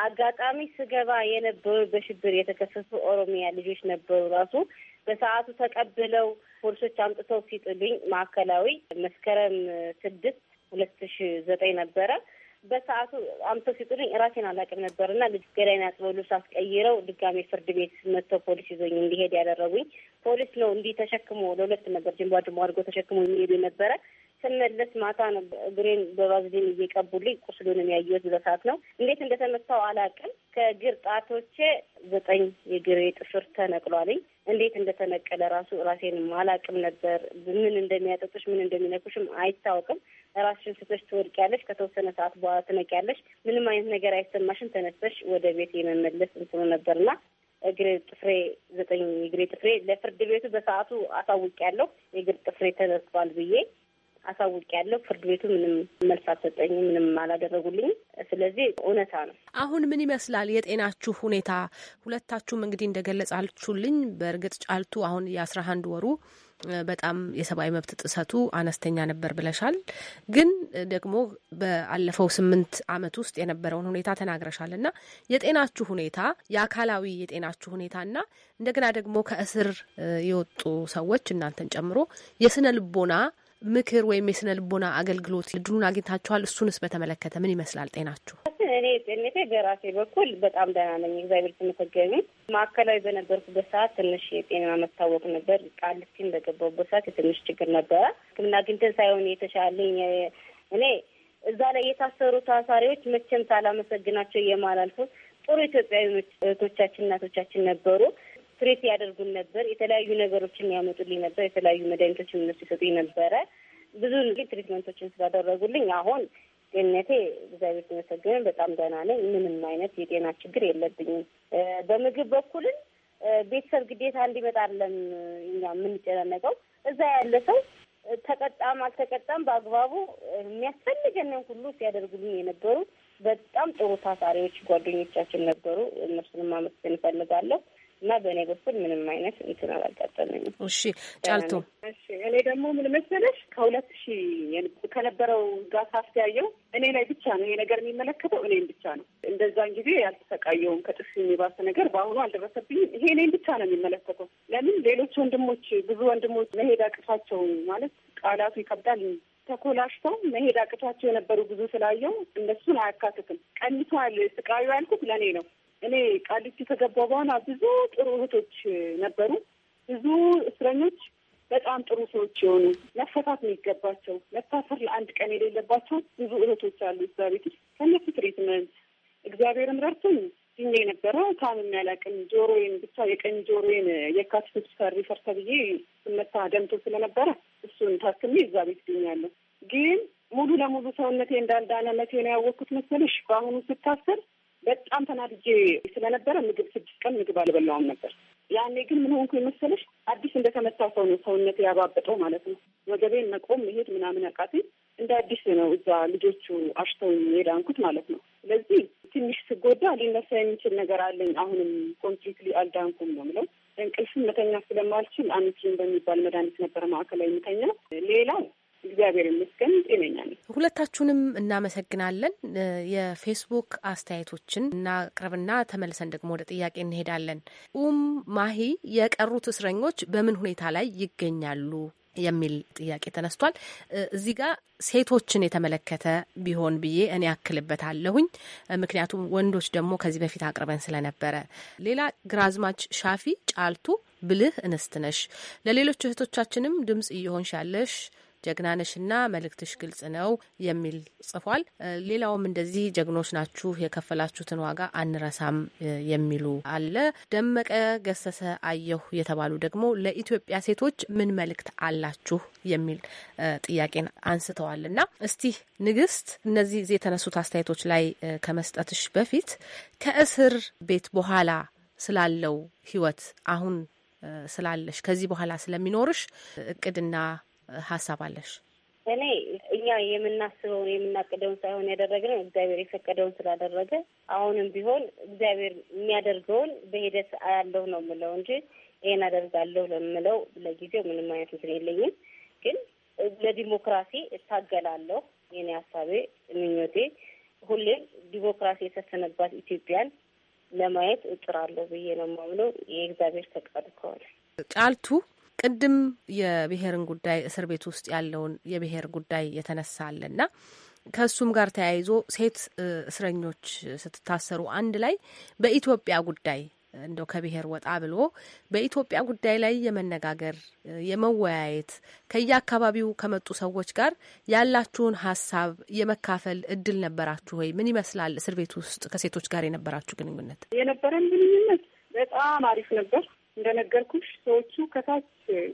አጋጣሚ ስገባ የነበሩ በሽብር የተከሰሱ ኦሮሚያ ልጆች ነበሩ። ራሱ በሰዓቱ ተቀብለው ፖሊሶች አምጥተው ሲጥሉኝ ማዕከላዊ መስከረም ስድስት ሁለት ሺ ዘጠኝ ነበረ በሰዓቱ አምቶ ሲጥሩኝ ራሴን አላቅም ነበር እና ገላይን አጥበው ልብስ አስቀይረው ድጋሜ ፍርድ ቤት መጥተው ፖሊስ ይዞኝ እንዲሄድ ያደረጉኝ ፖሊስ ነው። እንዲህ ተሸክሞ ለሁለት ነበር ጅንባ ጅንባ አድርጎ ተሸክሞ የሚሄዱ ነበረ። ስመለስ ማታ ነው እግሬን በቫዝሊን እየቀቡልኝ ቁስሉንም ያየሁት በሳት ነው። እንዴት እንደተመታው አላውቅም። ከእግር ጣቶቼ ዘጠኝ የግሬ ጥፍር ተነቅሏልኝ። እንዴት እንደተነቀለ ራሱ ራሴንም አላውቅም ነበር። ምን እንደሚያጠጡሽ ምን እንደሚነኩሽም አይታወቅም። ራስሽን ስተሽ ትወድቂያለሽ። ከተወሰነ ሰዓት በኋላ ትነቂያለሽ። ምንም አይነት ነገር አይሰማሽም። ተነስተሽ ወደ ቤት የመመለስ እንትኑ ነበርና እግሬ ጥፍሬ ዘጠኝ እግሬ ጥፍሬ ለፍርድ ቤቱ በሰዓቱ ያለው የእግር ጥፍሬ ተነስቷል ብዬ ያለው ፍርድ ቤቱ ምንም መልስ አልሰጠኝም፣ ምንም አላደረጉልኝ። ስለዚህ እውነታ ነው። አሁን ምን ይመስላል የጤናችሁ ሁኔታ? ሁለታችሁም እንግዲህ እንደገለጻችሁልኝ በእርግጥ ጫልቱ አሁን የአስራ አንድ ወሩ በጣም የሰብአዊ መብት ጥሰቱ አነስተኛ ነበር ብለሻል። ግን ደግሞ በአለፈው ስምንት አመት ውስጥ የነበረውን ሁኔታ ተናግረሻል እና የጤናችሁ ሁኔታ የአካላዊ የጤናችሁ ሁኔታ እና እንደገና ደግሞ ከእስር የወጡ ሰዎች እናንተን ጨምሮ የስነ ልቦና ምክር ወይም የስነ ልቦና አገልግሎት እድሉን አግኝታችኋል? እሱንስ በተመለከተ ምን ይመስላል ጤናችሁ? እኔ ጤንነቴ በራሴ በኩል በጣም ደህና ነኝ፣ እግዚአብሔር ተመሰገኑ። ማዕከላዊ በነበርኩበት ሰዓት ትንሽ የጤና መታወቅ ነበር። ቃሊቲን በገባሁበት ሰዓት የትንሽ ችግር ነበረ። ሕክምና አግኝተን ሳይሆን የተሻለኝ እኔ እዛ ላይ የታሰሩ ታሳሪዎች መቼም ሳላመሰግናቸው የማላልፉ ጥሩ ኢትዮጵያዊ እህቶቻችን እናቶቻችን ነበሩ። ትሬት ያደርጉን ነበር። የተለያዩ ነገሮችን ያመጡልኝ ነበር። የተለያዩ መድኃኒቶችን እነሱ ይሰጡኝ ነበረ። ብዙ ጊዜ ትሪትመንቶችን ስላደረጉልኝ አሁን ጤንነቴ እግዚአብሔር ተመሰገነ በጣም ደህና ነኝ። ምንም አይነት የጤና ችግር የለብኝም። በምግብ በኩልን ቤተሰብ ግዴታ እንዲመጣ አለም እኛ የምንጨናነቀው እዛ ያለ ሰው ተቀጣም አልተቀጣም በአግባቡ የሚያስፈልገንን ሁሉ ሲያደርጉልኝ የነበሩ በጣም ጥሩ ታሳሪዎች ጓደኞቻችን ነበሩ። እነርሱንም ማመስገን እፈልጋለሁ። እና በእኔ በኩል ምንም አይነት እንትን አላጋጠመኝም። እሺ ጫልቱ። እኔ ደግሞ ምን መሰለሽ ከሁለት ሺ ከነበረው ጋር ሳስተያየው እኔ ላይ ብቻ ነው ይሄ ነገር የሚመለከተው እኔም ብቻ ነው። እንደዛን ጊዜ ያልተሰቃየውም ከጥፊ የሚባስ ነገር በአሁኑ አልደረሰብኝም። ይሄ እኔም ብቻ ነው የሚመለከተው። ለምን ሌሎች ወንድሞች ብዙ ወንድሞች መሄድ አቅፋቸው ማለት ቃላቱ ይከብዳል ተኮላሽተው መሄድ አቅቷቸው የነበሩ ብዙ ስላየው እነሱን አያካትትም። ቀንቷል ስቃዩ ያልኩት ለእኔ ነው። እኔ ቃሊቲ ከገባ በኋላ ብዙ ጥሩ እህቶች ነበሩ። ብዙ እስረኞች በጣም ጥሩ ሰዎች የሆኑ መፈታት የሚገባቸው መታሰር ለአንድ ቀን የሌለባቸው ብዙ እህቶች አሉ። እዛ ቤት ውስጥ ከነሱ ትሪትመንት እግዚአብሔርም ረድቶኝ ድኛ የነበረ ታም የሚያላቅን ጆሮዬን ብቻ የቀኝ ጆሮዬን የካቲት ሆስፒታል ሪፈር ተብዬ ስመታ ደምቶ ስለነበረ እሱን ታክሜ እዛ ቤት ድኛለሁ። ግን ሙሉ ለሙሉ ሰውነቴ እንዳልዳነ መቼ ነው ያወቅኩት መሰለሽ? በአሁኑ ስታሰር በጣም ተናድጄ ስለነበረ ምግብ ስድስት ቀን ምግብ አልበላውም ነበር። ያኔ ግን ምን ሆንኩ የመሰለሽ አዲስ እንደተመታ ሰው ነው ሰውነት ያባበጠው ማለት ነው። ወገቤን መቆም መሄድ ምናምን አቃተኝ። እንደ አዲስ ነው እዛ ልጆቹ አሽተው የዳንኩት ማለት ነው። ስለዚህ ትንሽ ስጎዳ ሊነሳ የሚችል ነገር አለኝ። አሁንም ኮምፕሊትሊ አልዳንኩም ነው ምለው። እንቅልፍም መተኛ ስለማልችል አንቺን በሚባል መድኃኒት ነበረ ማዕከላዊ የምተኛ ሌላው እግዚአብሔር ይመስገን ጤነኛ ነኝ። ሁለታችሁንም እናመሰግናለን። የፌስቡክ አስተያየቶችን እናቅርብና ተመልሰን ደግሞ ወደ ጥያቄ እንሄዳለን። ኡም ማሂ የቀሩት እስረኞች በምን ሁኔታ ላይ ይገኛሉ የሚል ጥያቄ ተነስቷል። እዚህ ጋር ሴቶችን የተመለከተ ቢሆን ብዬ እኔ አክልበታለሁኝ ምክንያቱም ወንዶች ደግሞ ከዚህ በፊት አቅርበን ስለነበረ ሌላ ግራዝማች ሻፊ ጫልቱ ብልህ እንስትነሽ ለሌሎች እህቶቻችንም ድምጽ እየሆንሽ ያለሽ ጀግናነሽና መልእክትሽ ግልጽ ነው የሚል ጽፏል። ሌላውም እንደዚህ ጀግኖች ናችሁ የከፈላችሁትን ዋጋ አንረሳም የሚሉ አለ። ደመቀ ገሰሰ አየሁ የተባሉ ደግሞ ለኢትዮጵያ ሴቶች ምን መልእክት አላችሁ የሚል ጥያቄን አንስተዋል እና እስቲ ንግስት፣ እነዚህ የተነሱት አስተያየቶች ላይ ከመስጠትሽ በፊት ከእስር ቤት በኋላ ስላለው ህይወት አሁን ስላለሽ ከዚህ በኋላ ስለሚኖርሽ እቅድና ሀሳብ አለሽ? እኔ እኛ የምናስበውን የምናቅደውን ሳይሆን ያደረግነው እግዚአብሔር የፈቀደውን ስላደረገ አሁንም ቢሆን እግዚአብሔር የሚያደርገውን በሂደት አያለሁ ነው የምለው እንጂ ይሄን አደርጋለሁ ለምለው ለጊዜው ምንም አይነት እንትን የለኝም። ግን ለዲሞክራሲ እታገላለሁ። የኔ ሀሳቤ ምኞቴ ሁሌም ዲሞክራሲ የሰፈነባት ኢትዮጵያን ለማየት እጥራለሁ ብዬ ነው የማምነው የእግዚአብሔር ፈቃድ ከሆነ ቃልቱ ቅድም የብሔርን ጉዳይ እስር ቤት ውስጥ ያለውን የብሔር ጉዳይ የተነሳ አለና ከእሱም ጋር ተያይዞ ሴት እስረኞች ስትታሰሩ አንድ ላይ በኢትዮጵያ ጉዳይ እንደው ከብሔር ወጣ ብሎ በኢትዮጵያ ጉዳይ ላይ የመነጋገር የመወያየት ከየአካባቢው ከመጡ ሰዎች ጋር ያላችሁን ሀሳብ የመካፈል እድል ነበራችሁ ወይ? ምን ይመስላል እስር ቤት ውስጥ ከሴቶች ጋር የነበራችሁ ግንኙነት? የነበረን ግንኙነት በጣም አሪፍ ነበር። እንደነገርኩሽ ሰዎቹ ከታች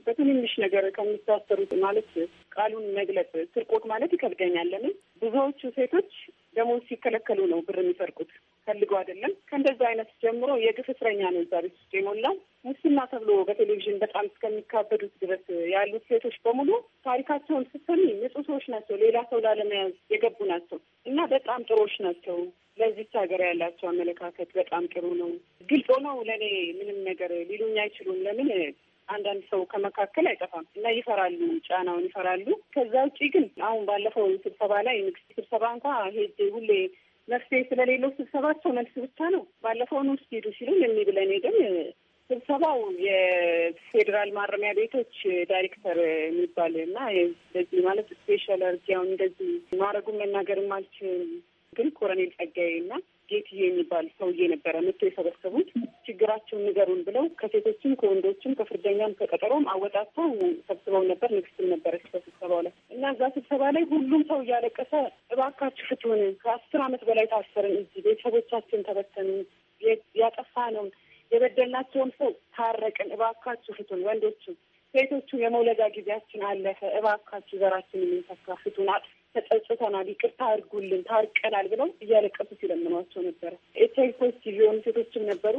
በትንንሽ ነገር ከሚታሰሩት ማለት ቃሉን መግለጽ ስርቆት ማለት ይከብደኛል። ለምን ብዙዎቹ ሴቶች ደሞዝ ሲከለከሉ ነው ብር የሚሰርቁት፣ ፈልገው አይደለም። ከእንደዛ አይነት ጀምሮ የግፍ እስረኛ ነው እዛ ቤት ውስጥ የሞላው። ሙስና ተብሎ በቴሌቪዥን በጣም እስከሚካበዱት ድረስ ያሉት ሴቶች በሙሉ ታሪካቸውን ስትሰሚ ንጹህ ሰዎች ናቸው። ሌላ ሰው ላለመያዝ የገቡ ናቸው እና በጣም ጥሮች ናቸው። ለዚች ሀገር ያላቸው አመለካከት በጣም ጥሩ ነው። ግልጽ ሆነው ለእኔ ምንም ነገር ሊሉኝ አይችሉም። ለምን አንዳንድ ሰው ከመካከል አይጠፋም እና ይፈራሉ፣ ጫናውን ይፈራሉ። ከዛ ውጭ ግን አሁን ባለፈው ስብሰባ ላይ ንግስት ስብሰባ እንኳ ሄጄ ሁሌ መፍትሄ ስለሌለው ስብሰባቸው መልስ ብቻ ነው። ባለፈውን ውስጥ ሄዱ ሲሉን የሚብለን ግን ስብሰባው የፌዴራል ማረሚያ ቤቶች ዳይሬክተር የሚባል እና ማለት ስፔሻል እርጊያውን እንደዚህ ማድረጉን መናገርም አልችልም ግን ኮረኔል ጸጋዬ ጌትዬ የሚባል ሰውዬ ነበረ መቶ የሰበሰቡት ችግራቸውን ንገሩን ብለው ከሴቶችም ከወንዶችም ከፍርደኛም ከቀጠሮም አወጣተው ሰብስበው ነበር። ንግስትም ነበረች በስብሰባው ላይ እና እዛ ስብሰባ ላይ ሁሉም ሰው እያለቀሰ እባካችሁ ፍትሁን፣ ከአስር ዓመት በላይ ታሰርን፣ እዚ ቤተሰቦቻችን ተበተኑ፣ ያጠፋ ነው የበደልናቸውን ሰው ታረቅን፣ እባካችሁ ፍቱን፣ ወንዶቹ ሴቶቹ የመውለጃ ጊዜያችን አለፈ፣ እባካችሁ ዘራችን የሚንተካ ፍቱን፣ አጥፍ ተጸጽተናል፣ ይቅርታ አድርጉልን፣ ታርቀናል ብለው እያለቀሱ ሲለምኗቸው ነበረ። ኤች አይ ቪ ፖዚቲቭ የሆኑ ሴቶችም ነበሩ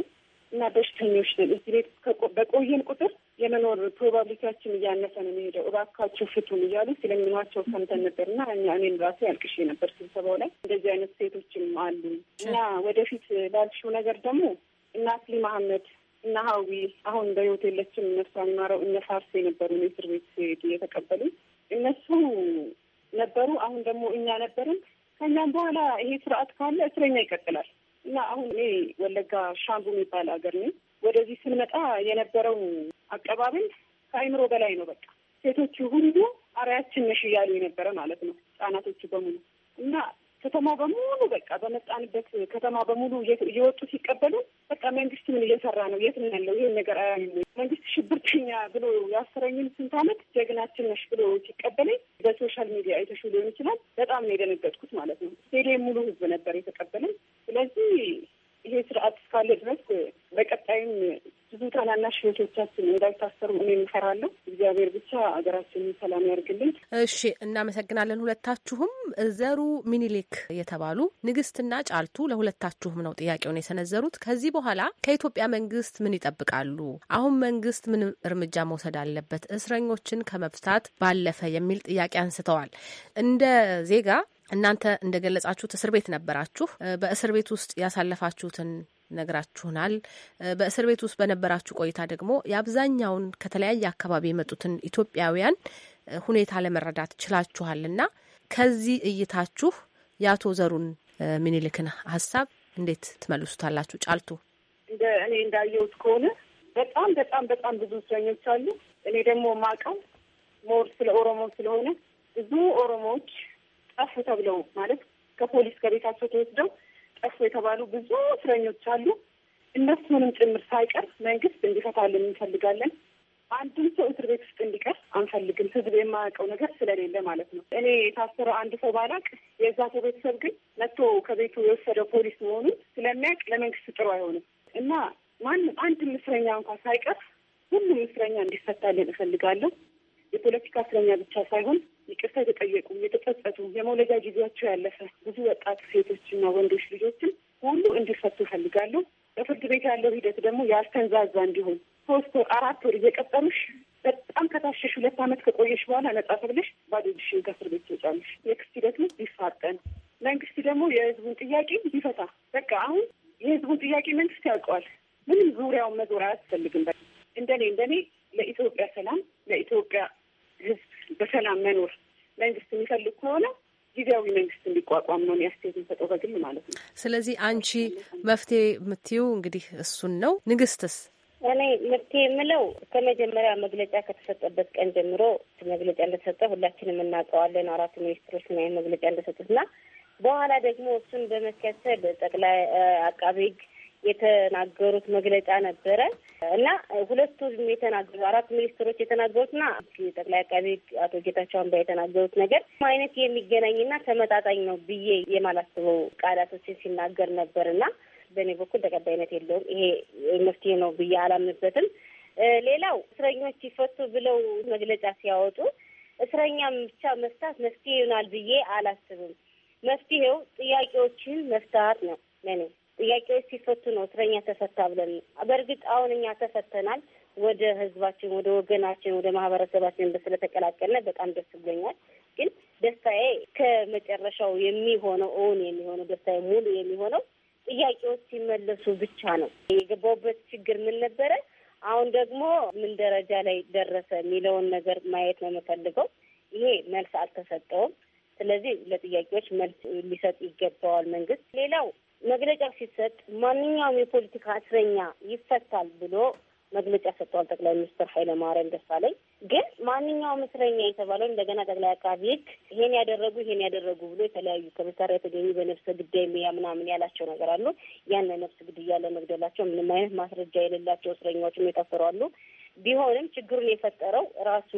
እና በሽተኞች ነን። እዚህ ቤት በቆየን ቁጥር የመኖር ፕሮባብሊቲያችን እያነሰ ነው የሚሄደው፣ እባካችሁ ፍቱን እያሉ ሲለምኗቸው ሰምተን ነበር እና እኛ እኔን ራሴ አልቅሼ ነበር ስብሰባው ላይ። እንደዚህ አይነት ሴቶችም አሉ እና ወደፊት ላልሽው ነገር ደግሞ እናስሊ መሀመድ እና ሀዊ አሁን በህይወት የለችም። እነሱ አማረው እነ ፋርሴ ነበሩ እስር ቤት ስሄድ እየተቀበሉ እነሱ ነበሩ። አሁን ደግሞ እኛ ነበርን። ከእኛም በኋላ ይሄ ስርዓት ካለ እስረኛ ይቀጥላል እና አሁን እኔ ወለጋ ሻምቡ የሚባል ሀገር ነኝ። ወደዚህ ስንመጣ የነበረው አቀባበል ከአይምሮ በላይ ነው። በቃ ሴቶቹ ሁሉ አራያችን ነሽ እያሉ የነበረ ማለት ነው ህጻናቶቹ በሙሉ እና ከተማው በሙሉ በቃ በመጣንበት ከተማ በሙሉ እየወጡ ሲቀበሉ በቃ መንግስት ምን እየሰራ ነው? የት ነው ያለው? ይህን ነገር መንግስት ሽብርተኛ ብሎ ያሰረኝን ስንት አመት ጀግናችን ነሽ ብሎ ሲቀበለኝ በሶሻል ሚዲያ አይተሹ ሊሆን ይችላል። በጣም ነው የደነገጥኩት ማለት ነው። ስቴዲየም ሙሉ ህዝብ ነበር የተቀበለኝ። ስለዚህ ይሄ ስርዓት እስካለ ድረስ በቀጣይም ብዙ ታናናሽ እህቶቻችን እንዳይታሰሩ እኔም እፈራለሁ። እግዚአብሔር ብቻ ሀገራችን ሰላም ያርግልን። እሺ፣ እናመሰግናለን ሁለታችሁም። ዘሩ ሚኒሊክ የተባሉ ንግስትና ጫልቱ ለሁለታችሁም ነው ጥያቄውን የሰነዘሩት። ከዚህ በኋላ ከኢትዮጵያ መንግስት ምን ይጠብቃሉ? አሁን መንግስት ምን እርምጃ መውሰድ አለበት እስረኞችን ከመፍታት ባለፈ የሚል ጥያቄ አንስተዋል። እንደ ዜጋ እናንተ እንደገለጻችሁት እስር ቤት ነበራችሁ። በእስር ቤት ውስጥ ያሳለፋችሁትን ነግራችሁናል። በእስር ቤት ውስጥ በነበራችሁ ቆይታ ደግሞ የአብዛኛውን ከተለያየ አካባቢ የመጡትን ኢትዮጵያውያን ሁኔታ ለመረዳት ችላችኋልና ከዚህ እይታችሁ የአቶ ዘሩን ምኒልክን ሀሳብ እንዴት ትመልሱታላችሁ? ጫልቱ፣ እንደ እኔ እንዳየሁት ከሆነ በጣም በጣም በጣም ብዙ እስረኞች አሉ። እኔ ደግሞ ማቀው ሞር ስለ ኦሮሞ ስለሆነ ብዙ ኦሮሞዎች ጠፉ ተብለው ማለት ከፖሊስ ከቤታቸው ተወስደው ጠፉ የተባሉ ብዙ እስረኞች አሉ። እነሱንም ጭምር ሳይቀር መንግስት እንዲፈታልን እንፈልጋለን። አንድም ሰው እስር ቤት ውስጥ እንዲቀር አንፈልግም። ህዝብ የማያውቀው ነገር ስለሌለ ማለት ነው። እኔ የታሰረው አንድ ሰው ባላቅ የዛ ሰው ቤተሰብ ግን መጥቶ ከቤቱ የወሰደው ፖሊስ መሆኑን ስለሚያውቅ ለመንግስት ጥሩ አይሆንም እና ማንም አንድም እስረኛ እንኳ ሳይቀር ሁሉም እስረኛ እንዲፈታልን እፈልጋለሁ። የፖለቲካ እስረኛ ብቻ ሳይሆን ይቅርታ የተጠየቁ የተጸጸቱ፣ የመውለጃ ጊዜያቸው ያለፈ ብዙ ወጣት ሴቶችና ወንዶች ልጆችም ሁሉ እንዲፈቱ ይፈልጋሉ። በፍርድ ቤት ያለው ሂደት ደግሞ ያልተንዛዛ እንዲሆን ሶስት ወር አራት ወር እየቀጠሩሽ በጣም ከታሸሽ ሁለት ዓመት ከቆየሽ በኋላ ነጻ ተብለሽ ባዶ እጅሽን ከእስር ቤት ትወጫለሽ። የክስ ሂደቱ ይፋጠን። መንግስት ደግሞ የህዝቡን ጥያቄ ይፈታ በቃ አሁን የህዝቡን ጥያቄ መንግስት ያውቀዋል። ምንም ዙሪያውን መዞር አያስፈልግም። እንደኔ እንደኔ ለኢትዮጵያ ሰላም ለኢትዮጵያ በሰላም መኖር መንግስት የሚፈልግ ከሆነ ጊዜያዊ መንግስት እንዲቋቋም ነው አስተያየት የሚሰጠው በግል ማለት ነው። ስለዚህ አንቺ መፍትሄ የምትይው እንግዲህ እሱን ነው። ንግስትስ? እኔ መፍትሄ የምለው ከመጀመሪያ መግለጫ ከተሰጠበት ቀን ጀምሮ መግለጫ እንደተሰጠ ሁላችንም እናውቀዋለን። አራቱ ሚኒስትሮች መግለጫ እንደሰጡት እንደሰጡትና በኋላ ደግሞ እሱን በመከተል ጠቅላይ አቃቤ ህግ የተናገሩት መግለጫ ነበረ እና ሁለቱ የተናገሩ አራት ሚኒስትሮች የተናገሩትና ጠቅላይ አቃቢ አቶ ጌታቸው አምባ የተናገሩት ነገር አይነት የሚገናኝና ተመጣጣኝ ነው ብዬ የማላስበው ቃላቶችን ሲናገር ነበር እና በእኔ በኩል ተቀባይነት የለውም። ይሄ መፍትሄ ነው ብዬ አላምንበትም። ሌላው እስረኞች ይፈቱ ብለው መግለጫ ሲያወጡ እስረኛም ብቻ መፍታት መፍትሄ ይሆናል ብዬ አላስብም። መፍትሄው ጥያቄዎችን መፍታት ነው ለኔ ጥያቄዎች ሲፈቱ ነው እስረኛ ተፈታ ብለን። በእርግጥ አሁን እኛ ተፈተናል፣ ወደ ህዝባችን፣ ወደ ወገናችን፣ ወደ ማህበረሰባችን ስለተቀላቀልን በጣም ደስ ብሎኛል። ግን ደስታዬ ከመጨረሻው የሚሆነው እውን የሚሆነው ደስታዬ ሙሉ የሚሆነው ጥያቄዎች ሲመለሱ ብቻ ነው። የገባሁበት ችግር ምን ነበረ፣ አሁን ደግሞ ምን ደረጃ ላይ ደረሰ የሚለውን ነገር ማየት ነው የምፈልገው። ይሄ መልስ አልተሰጠውም። ስለዚህ ለጥያቄዎች መልስ ሊሰጥ ይገባዋል መንግስት። ሌላው መግለጫ ሲሰጥ ማንኛውም የፖለቲካ እስረኛ ይፈታል ብሎ መግለጫ ሰጥተዋል ጠቅላይ ሚኒስትር ኃይለማርያም ደሳለኝ። ግን ማንኛውም እስረኛ የተባለው እንደገና ጠቅላይ አቃቢ ሕግ ይሄን ያደረጉ ይሄን ያደረጉ ብሎ የተለያዩ ከመሳሪያ የተገኙ በነፍሰ ግዳይ ሙያ ምናምን ያላቸው ነገር አሉ። ያን ነፍስ ግድያ ለመግደላቸው ምንም አይነት ማስረጃ የሌላቸው እስረኛዎችም የታሰሩ አሉ። ቢሆንም ችግሩን የፈጠረው ራሱ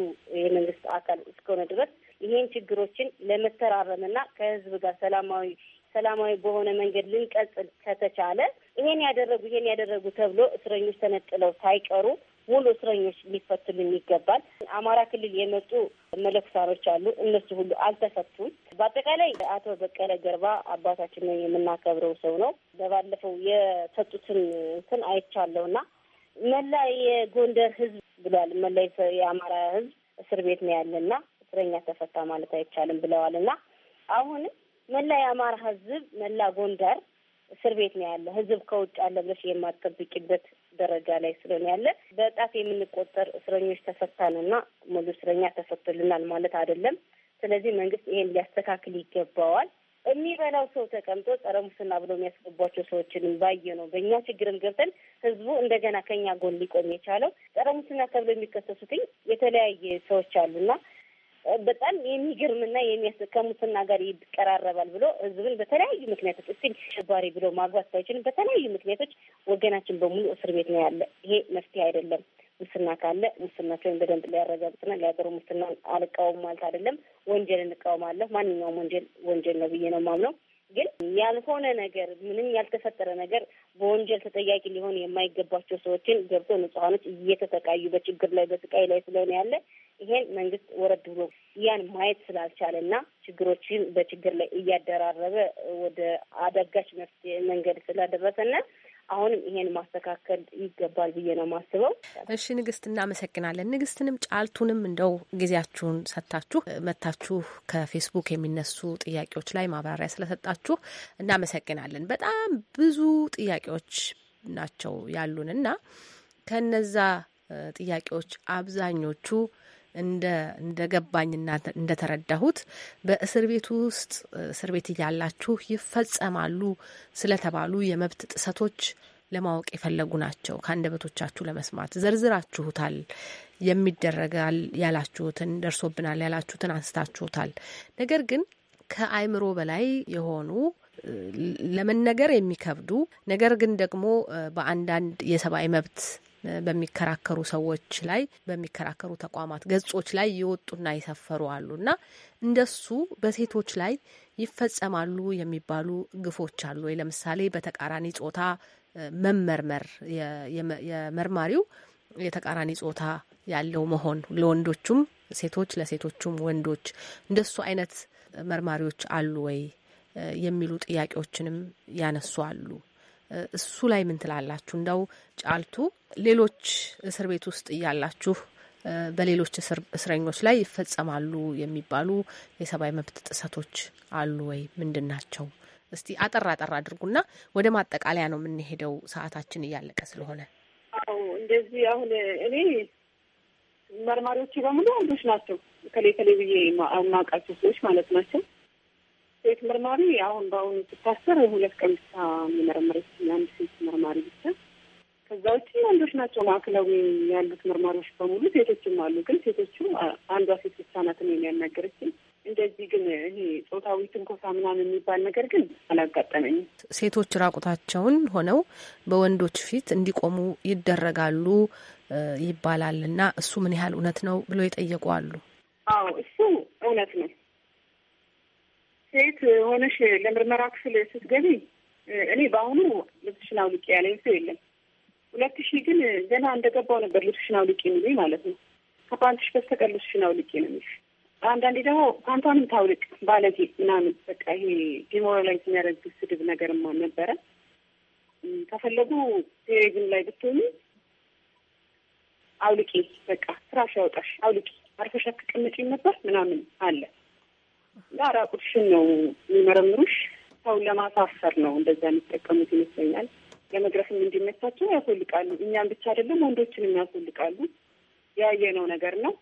የመንግስት አካል እስከሆነ ድረስ ይሄን ችግሮችን ለመተራረምና ከህዝብ ጋር ሰላማዊ ሰላማዊ በሆነ መንገድ ልንቀጽል ከተቻለ ይሄን ያደረጉ ይሄን ያደረጉ ተብሎ እስረኞች ተነጥለው ሳይቀሩ ሙሉ እስረኞች ሊፈቱልን ይገባል። አማራ ክልል የመጡ መለኩሳሮች አሉ። እነሱ ሁሉ አልተፈቱም። በአጠቃላይ አቶ በቀለ ገርባ አባታችን ነው የምናከብረው ሰው ነው። በባለፈው የሰጡትን እንትን አይቻለሁ እና መላ የጎንደር ህዝብ ብሏል። መላ የአማራ ህዝብ እስር ቤት ነው ያለና እስረኛ ተፈታ ማለት አይቻልም ብለዋል እና አሁንም መላ የአማራ ህዝብ መላ ጎንደር እስር ቤት ነው ያለ። ህዝብ ከውጭ አለ ብለሽ የማጠብቂበት ደረጃ ላይ ስለሆነ ያለ በጣት የምንቆጠር እስረኞች ተፈታንና ሙሉ እስረኛ ተፈቶልናል ማለት አይደለም። ስለዚህ መንግስት ይሄን ሊያስተካክል ይገባዋል። የሚበላው ሰው ተቀምጦ ጸረ ሙስና ብሎ የሚያስገቧቸው ሰዎችንም ባየ ነው። በእኛ ችግርም ገብተን ህዝቡ እንደገና ከኛ ጎን ሊቆም የቻለው ጸረ ሙስና ተብሎ የሚከሰሱትኝ የተለያየ ሰዎች አሉና በጣም የሚገርምና የሚያስ ከሙስና ጋር ይቀራረባል ብሎ ህዝብን በተለያዩ ምክንያቶች እስል አሸባሪ ብሎ ማግባት ባይችልም በተለያዩ ምክንያቶች ወገናችን በሙሉ እስር ቤት ነው ያለ። ይሄ መፍትሄ አይደለም። ሙስና ካለ ሙስናቸውን በደንብ ሊያረጋግጥና ሊያገሩ ሙስናን አልቃወም ማለት አይደለም። ወንጀል እንቃወማለሁ። ማንኛውም ወንጀል ወንጀል ነው ብዬ ነው የማምነው። ግን ያልሆነ ነገር ምንም ያልተፈጠረ ነገር በወንጀል ተጠያቂ ሊሆን የማይገባቸው ሰዎችን ገብቶ ንጹሐኖች እየተሰቃዩ በችግር ላይ በስቃይ ላይ ስለሆነ ያለ ይሄን መንግስት ወረድ ብሎ ያን ማየት ስላልቻለ እና ችግሮችን በችግር ላይ እያደራረበ ወደ አዳጋች መፍትሄ መንገድ ስላደረሰና አሁንም ይሄን ማስተካከል ይገባል ብዬ ነው የማስበው። እሺ ንግስት፣ እናመሰግናለን። ንግስትንም ጫልቱንም እንደው ጊዜያችሁን ሰጥታችሁ መታችሁ ከፌስቡክ የሚነሱ ጥያቄዎች ላይ ማብራሪያ ስለሰጣችሁ እናመሰግናለን። በጣም ብዙ ጥያቄዎች ናቸው ያሉን እና ከነዛ ጥያቄዎች አብዛኞቹ እንደገባኝና እንደተረዳሁት በእስር ቤት ውስጥ እስር ቤት እያላችሁ ይፈጸማሉ ስለተባሉ የመብት ጥሰቶች ለማወቅ የፈለጉ ናቸው። ከአንደበቶቻችሁ ለመስማት ዘርዝራችሁታል። የሚደረጋል ያላችሁትን ደርሶብናል ያላችሁትን አንስታችሁታል። ነገር ግን ከአእምሮ በላይ የሆኑ ለመነገር የሚከብዱ ነገር ግን ደግሞ በአንዳንድ የሰብአዊ መብት በሚከራከሩ ሰዎች ላይ በሚከራከሩ ተቋማት ገጾች ላይ የወጡና የሰፈሩ አሉና እንደሱ በሴቶች ላይ ይፈጸማሉ የሚባሉ ግፎች አሉ ወይ? ለምሳሌ በተቃራኒ ጾታ መመርመር የመርማሪው የተቃራኒ ጾታ ያለው መሆን ለወንዶቹም ሴቶች ለሴቶቹም ወንዶች እንደሱ አይነት መርማሪዎች አሉ ወይ የሚሉ ጥያቄዎችንም ያነሱ አሉ። እሱ ላይ ምን ትላላችሁ? እንደው ጫልቱ ሌሎች እስር ቤት ውስጥ እያላችሁ በሌሎች እስረኞች ላይ ይፈጸማሉ የሚባሉ የሰብአዊ መብት ጥሰቶች አሉ ወይ? ምንድን ናቸው? እስቲ አጠር አጠር አድርጉና ወደ ማጠቃለያ ነው የምንሄደው፣ ሰዓታችን እያለቀ ስለሆነ። አዎ እንደዚህ አሁን እኔ መርማሪዎች በሙሉ አንዶች ናቸው። ከሌ ከሌ ብዬ የማውቃቸው ሰዎች ማለት ናቸው። ሴት መርማሪ አሁን በአሁኑ ስታሰር ሁለት ቀን ብቻ የሚመረምረች አንድ ሴት መርማሪ ብቻ። ከዛ ውጭ ወንዶች ናቸው ማዕከላዊ ያሉት መርማሪዎች በሙሉ ሴቶችም አሉ። ግን ሴቶቹ አንዷ ሴት ብቻ ናት እኔን እንደዚህ ግን ይሄ ጾታዊ ትንኮሳ ምናምን የሚባል ነገር ግን አላጋጠመኝም። ሴቶች ራቁታቸውን ሆነው በወንዶች ፊት እንዲቆሙ ይደረጋሉ ይባላል እና እሱ ምን ያህል እውነት ነው ብሎ የጠየቁ አሉ። አዎ እሱ እውነት ነው። ሴት ሆነሽ ለምርመራ ክፍል ስትገቢ እኔ በአሁኑ ልብስሽን አውልቂ ያለኝ ሰው የለም። ሁለት ሺህ ግን ገና እንደገባው ነበር ልብስሽን አውልቂ የሚሉኝ ማለት ነው። ከፓንትሽ በስተቀር ልብስሽን አውልቂ ነው የሚልሽ። አንዳንዴ ደግሞ ፓንቷንም ታውልቅ ባለጌ ምናምን በቃ ይሄ ዲሞራላይዝ የሚያደርግ ስድብ ነገርም ነበረ። ከፈለጉ ቴሬዝም ላይ ብትሆኑ አውልቂ፣ በቃ ስራሽ ያውጣሽ፣ አውልቂ፣ አርፈሽ አትቀመጪም ነበር ምናምን አለ ራቁትሽን ነው የሚመረምሩሽ። ሰውን ለማሳፈር ነው እንደዛ የሚጠቀሙት ይመስለኛል። ለመግረፍም እንዲመቻቸው ያስወልቃሉ። እኛም ብቻ አይደለም ወንዶችንም ያስወልቃሉ። ያየነው ነገር ነው።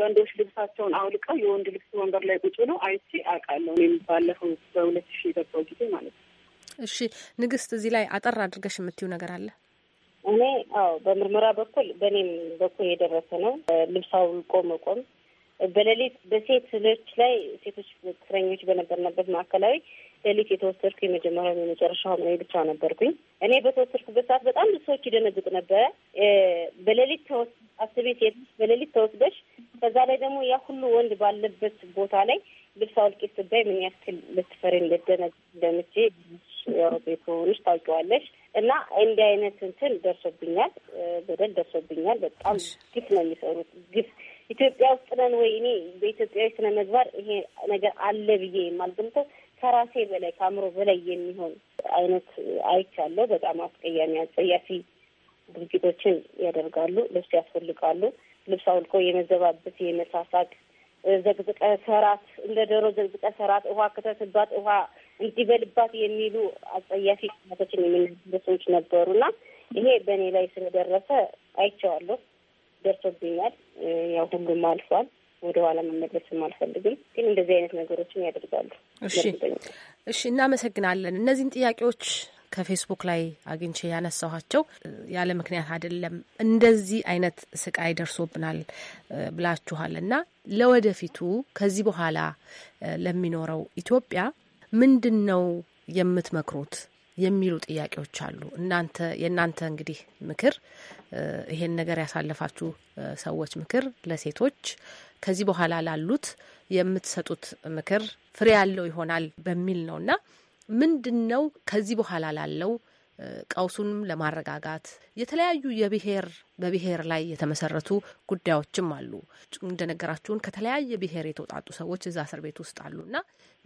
ወንዶች ልብሳቸውን አውልቀው የወንድ ልብስ ወንበር ላይ ቁጭ ብለው አይቼ አውቃለሁ። እኔም ባለፈው በሁለት ሺ የገባው ጊዜ ማለት ነው። እሺ ንግስት፣ እዚህ ላይ አጠር አድርገሽ የምትዩ ነገር አለ? እኔ አዎ፣ በምርመራ በኩል በእኔም በኩል የደረሰ ነው። ልብስ አውልቆ መቆም በሌሊት በሴት ልጅ ላይ ሴቶች እስረኞች በነበርንበት ማዕከላዊ ሌሊት የተወሰድኩ የመጀመሪያ የመጨረሻ ሆነ ብቻ ነበርኩኝ። እኔ በተወሰድኩበት ሰዓት በጣም ብዙ ሰዎች ይደነግጡ ነበረ። በሌሊት ተወስ አስቤ ሴት በሌሊት ተወስደሽ ከዛ ላይ ደግሞ ያ ሁሉ ወንድ ባለበት ቦታ ላይ ልብስ አውልቂ ስትባይ ምን ያክል ልትፈሪ ልደነግ እንደምቼ ቤቶች ታውቂዋለሽ። እና እንዲህ አይነት እንትን ደርሶብኛል፣ በደል ደርሶብኛል። በጣም ግፍ ነው የሚሰሩት ግፍ ኢትዮጵያ ውስጥ ነን ወይ? እኔ በኢትዮጵያዊ ስነ ምግባር ይሄ ነገር አለ ብዬ የማልገምተው ከራሴ በላይ ከአእምሮ በላይ የሚሆን አይነት አይቻለሁ። በጣም አስቀያሚ አጸያፊ ድርጊቶችን ያደርጋሉ። ልብስ ያስፈልቃሉ። ልብስ አውልቆ የመዘባበት የመሳሳቅ ዘቅዝቀ ሰራት እንደ ዶሮ ዘቅዝቀ ሰራት፣ ውሃ ክተትባት ውሃ እንዲበልባት የሚሉ አጸያፊ ቃላቶችን የሚናገሩ ሰዎች ነበሩና ይሄ በእኔ ላይ ስለደረሰ አይቼዋለሁ፣ ደርሶብኛል። ያው ሁሉም አልፏል። ወደ ኋላ መመለስም አልፈልግም፣ ግን እንደዚህ አይነት ነገሮችን ያደርጋሉ። እሺ፣ እሺ፣ እናመሰግናለን። እነዚህን ጥያቄዎች ከፌስቡክ ላይ አግኝቼ ያነሳኋቸው ያለ ምክንያት አይደለም። እንደዚህ አይነት ስቃይ ደርሶብናል ብላችኋል እና ለወደፊቱ ከዚህ በኋላ ለሚኖረው ኢትዮጵያ ምንድን ነው የምትመክሩት? የሚሉ ጥያቄዎች አሉ። እናንተ የእናንተ እንግዲህ ምክር ይሄን ነገር ያሳለፋችሁ ሰዎች ምክር ለሴቶች ከዚህ በኋላ ላሉት የምትሰጡት ምክር ፍሬ ያለው ይሆናል በሚል ነው እና ምንድን ነው ከዚህ በኋላ ላለው ቀውሱንም ለማረጋጋት የተለያዩ የብሄር በብሄር ላይ የተመሰረቱ ጉዳዮችም አሉ። እንደነገራችሁን ከተለያየ ብሄር የተውጣጡ ሰዎች እዛ እስር ቤት ውስጥ አሉ እና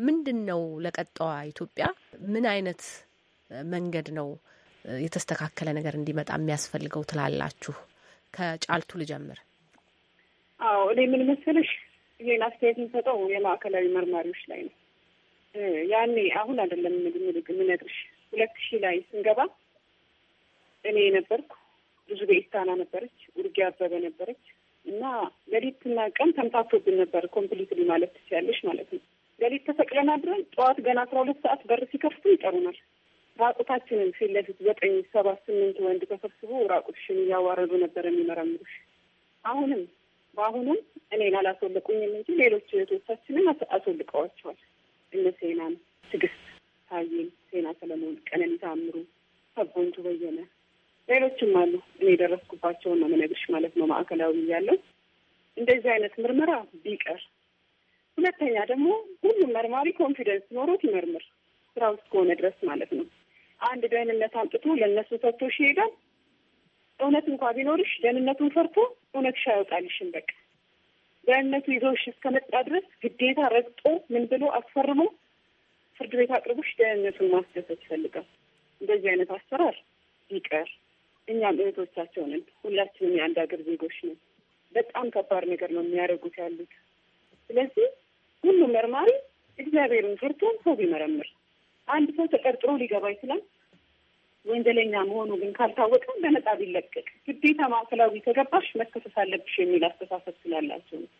ምንድን ነው ለቀጣዋ ኢትዮጵያ ምን አይነት መንገድ ነው የተስተካከለ ነገር እንዲመጣ የሚያስፈልገው ትላላችሁ? ከጫልቱ ልጀምር። አዎ እኔ ምን መሰለሽ ይህን አስተያየት የምሰጠው የማዕከላዊ መርማሪዎች ላይ ነው። ያኔ አሁን አይደለም የምነግርሽ፣ ሁለት ሺህ ላይ ስንገባ እኔ የነበርኩ ብዙ በኢስታና ነበረች፣ ውርጌ አበበ ነበረች እና ሌሊትና ቀን ተምታቶብን ነበር። ኮምፕሊትሊ ማለት ትችያለሽ ማለት ነው። ሌሊት ተሰቅለን አድረን ጠዋት ገና አስራ ሁለት ሰዓት በር ሲከፍቱ ይጠሩናል። ራቁታችንን ፊት ለፊት ዘጠኝ ሰባት ስምንት ወንድ ተሰብስቦ ራቁትሽን እያዋረዱ ነበር የሚመረምሩሽ። አሁንም በአሁኑም እኔን አላስወለቁኝም እንጂ ሌሎች እህቶቻችንን አስወልቀዋቸዋል። እነ ሴናን፣ ትግስት ታዬን፣ ሴና ሰለሞን፣ ቀነኒ ታምሩ፣ ሰቦንቱ በየነ ሌሎችም አሉ። እኔ የደረስኩባቸውን ነው የምነግርሽ ማለት ነው። ማዕከላዊ እያለሁ እንደዚህ አይነት ምርመራ ቢቀር፣ ሁለተኛ ደግሞ ሁሉም መርማሪ ኮንፊደንስ ኖሮት ይመርምር ስራ ውስጥ ከሆነ ድረስ ማለት ነው። አንድ ደህንነት አምጥቶ ለእነሱ ሰጥቶሽ ሲሄዳል እውነት እንኳ ቢኖርሽ ደህንነቱን ፈርቶ እውነትሽ አይወጣልሽም። በቃ ደህንነቱ ይዞሽ እስከመጣ ድረስ ግዴታ ረግጦ ምን ብሎ አስፈርሞ ፍርድ ቤት አቅርቦሽ ደህንነቱን ማስደሰት ይፈልጋል። እንደዚህ አይነት አሰራር ይቀር። እኛም እህቶቻቸውንን ሁላችንም የአንድ ሀገር ዜጎች ነን። በጣም ከባድ ነገር ነው የሚያደርጉት ያሉት። ስለዚህ ሁሉ መርማሪ እግዚአብሔርን ፈርቶ ሰው ቢመረምር አንድ ሰው ተጠርጥሮ ሊገባ ይችላል። ወንጀለኛ መሆኑ ግን ካልታወቀ በነጻ ቢለቀቅ ግዴታ ማዕከላዊ ተገባሽ መከሰስ አለብሽ የሚል አስተሳሰብ ስላላቸው ነው።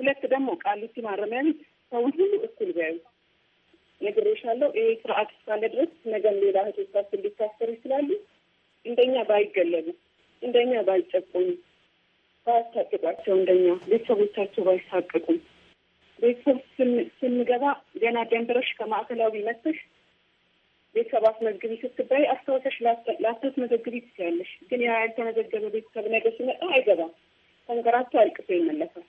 ሁለት ደግሞ ቃሊቲ ማረሚያ ቤት ሰውን ሁሉ እኩል ቢያዩ ነግሬሻለሁ። ይሄ ስርዓት እስካለ ድረስ ነገም ሌላ እህቶቻችን ሊታሰሩ ይችላሉ። እንደኛ ባይገለሉ፣ እንደኛ ባይጨቁሙ፣ ባያስታቅቋቸው፣ እንደኛ ቤተሰቦቻቸው ባይሳቅቁም ቤተሰብ ስንገባ ገና ደንብረሽ ከማዕከላዊ መጥተሽ ቤተሰብ አስመዝግቢ ስትባይ አስታወሰሽ ላስት ላታስመዘግቢ ትችያለሽ። ግን ያ ያልተመዘገበ ቤተሰብ ነገር ሲመጣ አይገባም። ተንከራቶ አልቅሶ ይመለሳል።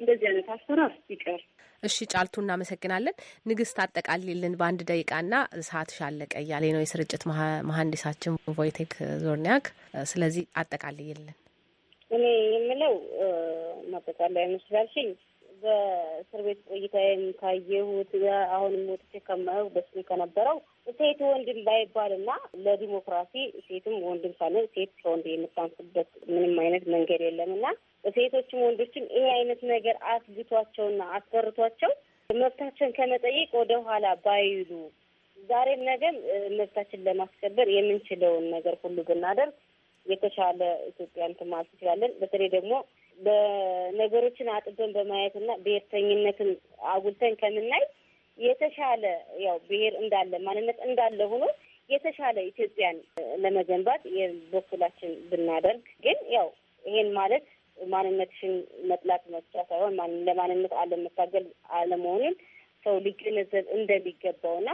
እንደዚህ አይነት አሰራር ይቀር። እሺ ጫልቱ፣ እናመሰግናለን። ንግስት አጠቃልልን በአንድ ደቂቃ ና ሰዓትሽ አለቀ እያለ ነው የስርጭት መሀንዲሳችን ቮይቴክ ዞርኒያክ። ስለዚህ አጠቃልልን። እኔ የምለው ማጠቃለያ ይመስላል በእስር ቤት ቆይታዬም ካየሁት አሁንም ወጥቼ ከማየው በሱ ከነበረው ሴት ወንድም ባይባልና ለዲሞክራሲ ሴትም ወንድም ሳለ ሴት ከወንድ የምታንስበት ምንም አይነት መንገድ የለምና ሴቶችም ወንዶችም ይሄ አይነት ነገር አትግቷቸውና አስፈርቷቸው መብታቸውን ከመጠየቅ ወደ ኋላ ባይሉ ዛሬም ነገም መብታችን ለማስከበር የምንችለውን ነገር ሁሉ ብናደርግ የተሻለ ኢትዮጵያን ትማል ትችላለን። በተለይ ደግሞ በነገሮችን አጥበን በማየትና ብሔርተኝነትን አጉልተን ከምናይ የተሻለ ያው ብሔር እንዳለ ማንነት እንዳለ ሆኖ የተሻለ ኢትዮጵያን ለመገንባት የበኩላችን ብናደርግ ግን ያው ይሄን ማለት ማንነትሽን መጥላት መስጫ ሳይሆን ለማንነት አለመታገል አለመሆኑን ሰው ሊገነዘብ እንደሚገባውና